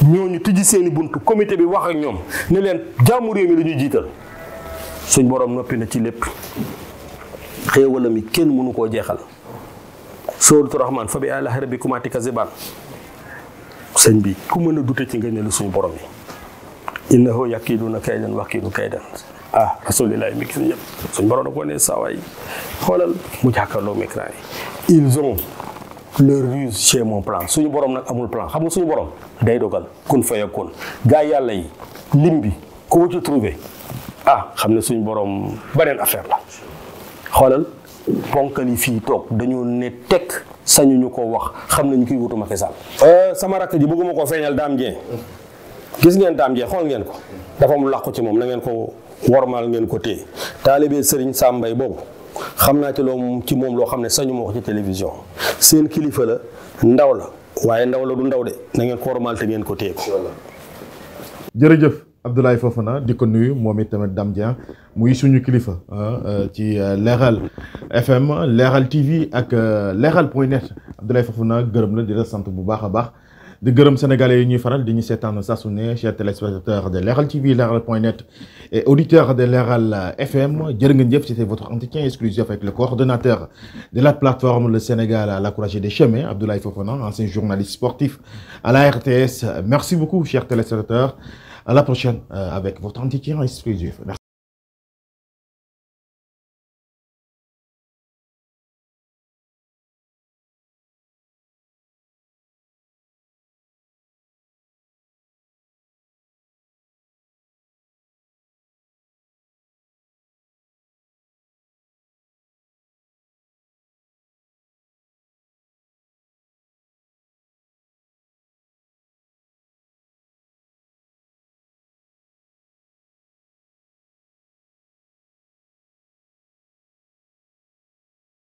[SPEAKER 2] ñooñu tijji seeni buntu comité bi wax ak ñoom ne leen jàmmu réew mi jiital suñ borom noppi na ci lépp xéewalam yi kenn mënu koo jeexal sóoratu rahmaan fa bi ala harabi kumaati kazibaan sëñ bi ku mën a dute ci ngëneelu suñu borom yi innahu yakiiduna kaydan wakiidu kaydan ah rasulilah mi gis ñëpp suñu borom da ko ne saawaay xoolal mu jàkkaarloo écran yi ils ont leur ruse chez plan suñu borom nag amul plan xam nga suñu borom day dogal kun fayakoon gaa yàlla yi lim bi ko ci trouvé ah xam ne suñu borom beneen affaire la xoolal ponkal yi fii toog dañoo ne tekk sañuñu ko wax xam nañu kiy wutu Macky Sall euh, sama rakk ji bëgguma koo feeñal Dame Dieng gis ngeen Dame Dieng xool ngeen ko dafa am làqu ci moom na ngeen ko wormaal ngeen ko téye taalibe Serigne Sambay boobu xam naa ci loo ci moom loo xam ne sañu ma télévision seen kilifa la ndaw la waaye ndaw la du ndaw de na ngeen ko wormaal te ngeen ko téye ko
[SPEAKER 1] Abdoulaye Fofana di ko nuyu moom it tamit Dame Dieng muy suñu kilifa ah, euh, ci euh, Leral FM Leral TV ak euh, Leral point net Abdoulaye Fofana gërëm la di la sant bu baax a baax di gërëm sénégalais yi ñuy faral di ñu seetaan saa su ne chers téléspectateurs de Leral TV Leral point net et auditeurs de Leral FM jërë ngeen jëf c'était votre entretien exclusif avec le coordonnateur de la plateforme Le Sénégal a la croisée des chemins Abdoulaye Fofana ancien journaliste sportif à merci beaucoup chers téléspectateurs À la prochaine euh, avec votre entretien exclusif. Merci.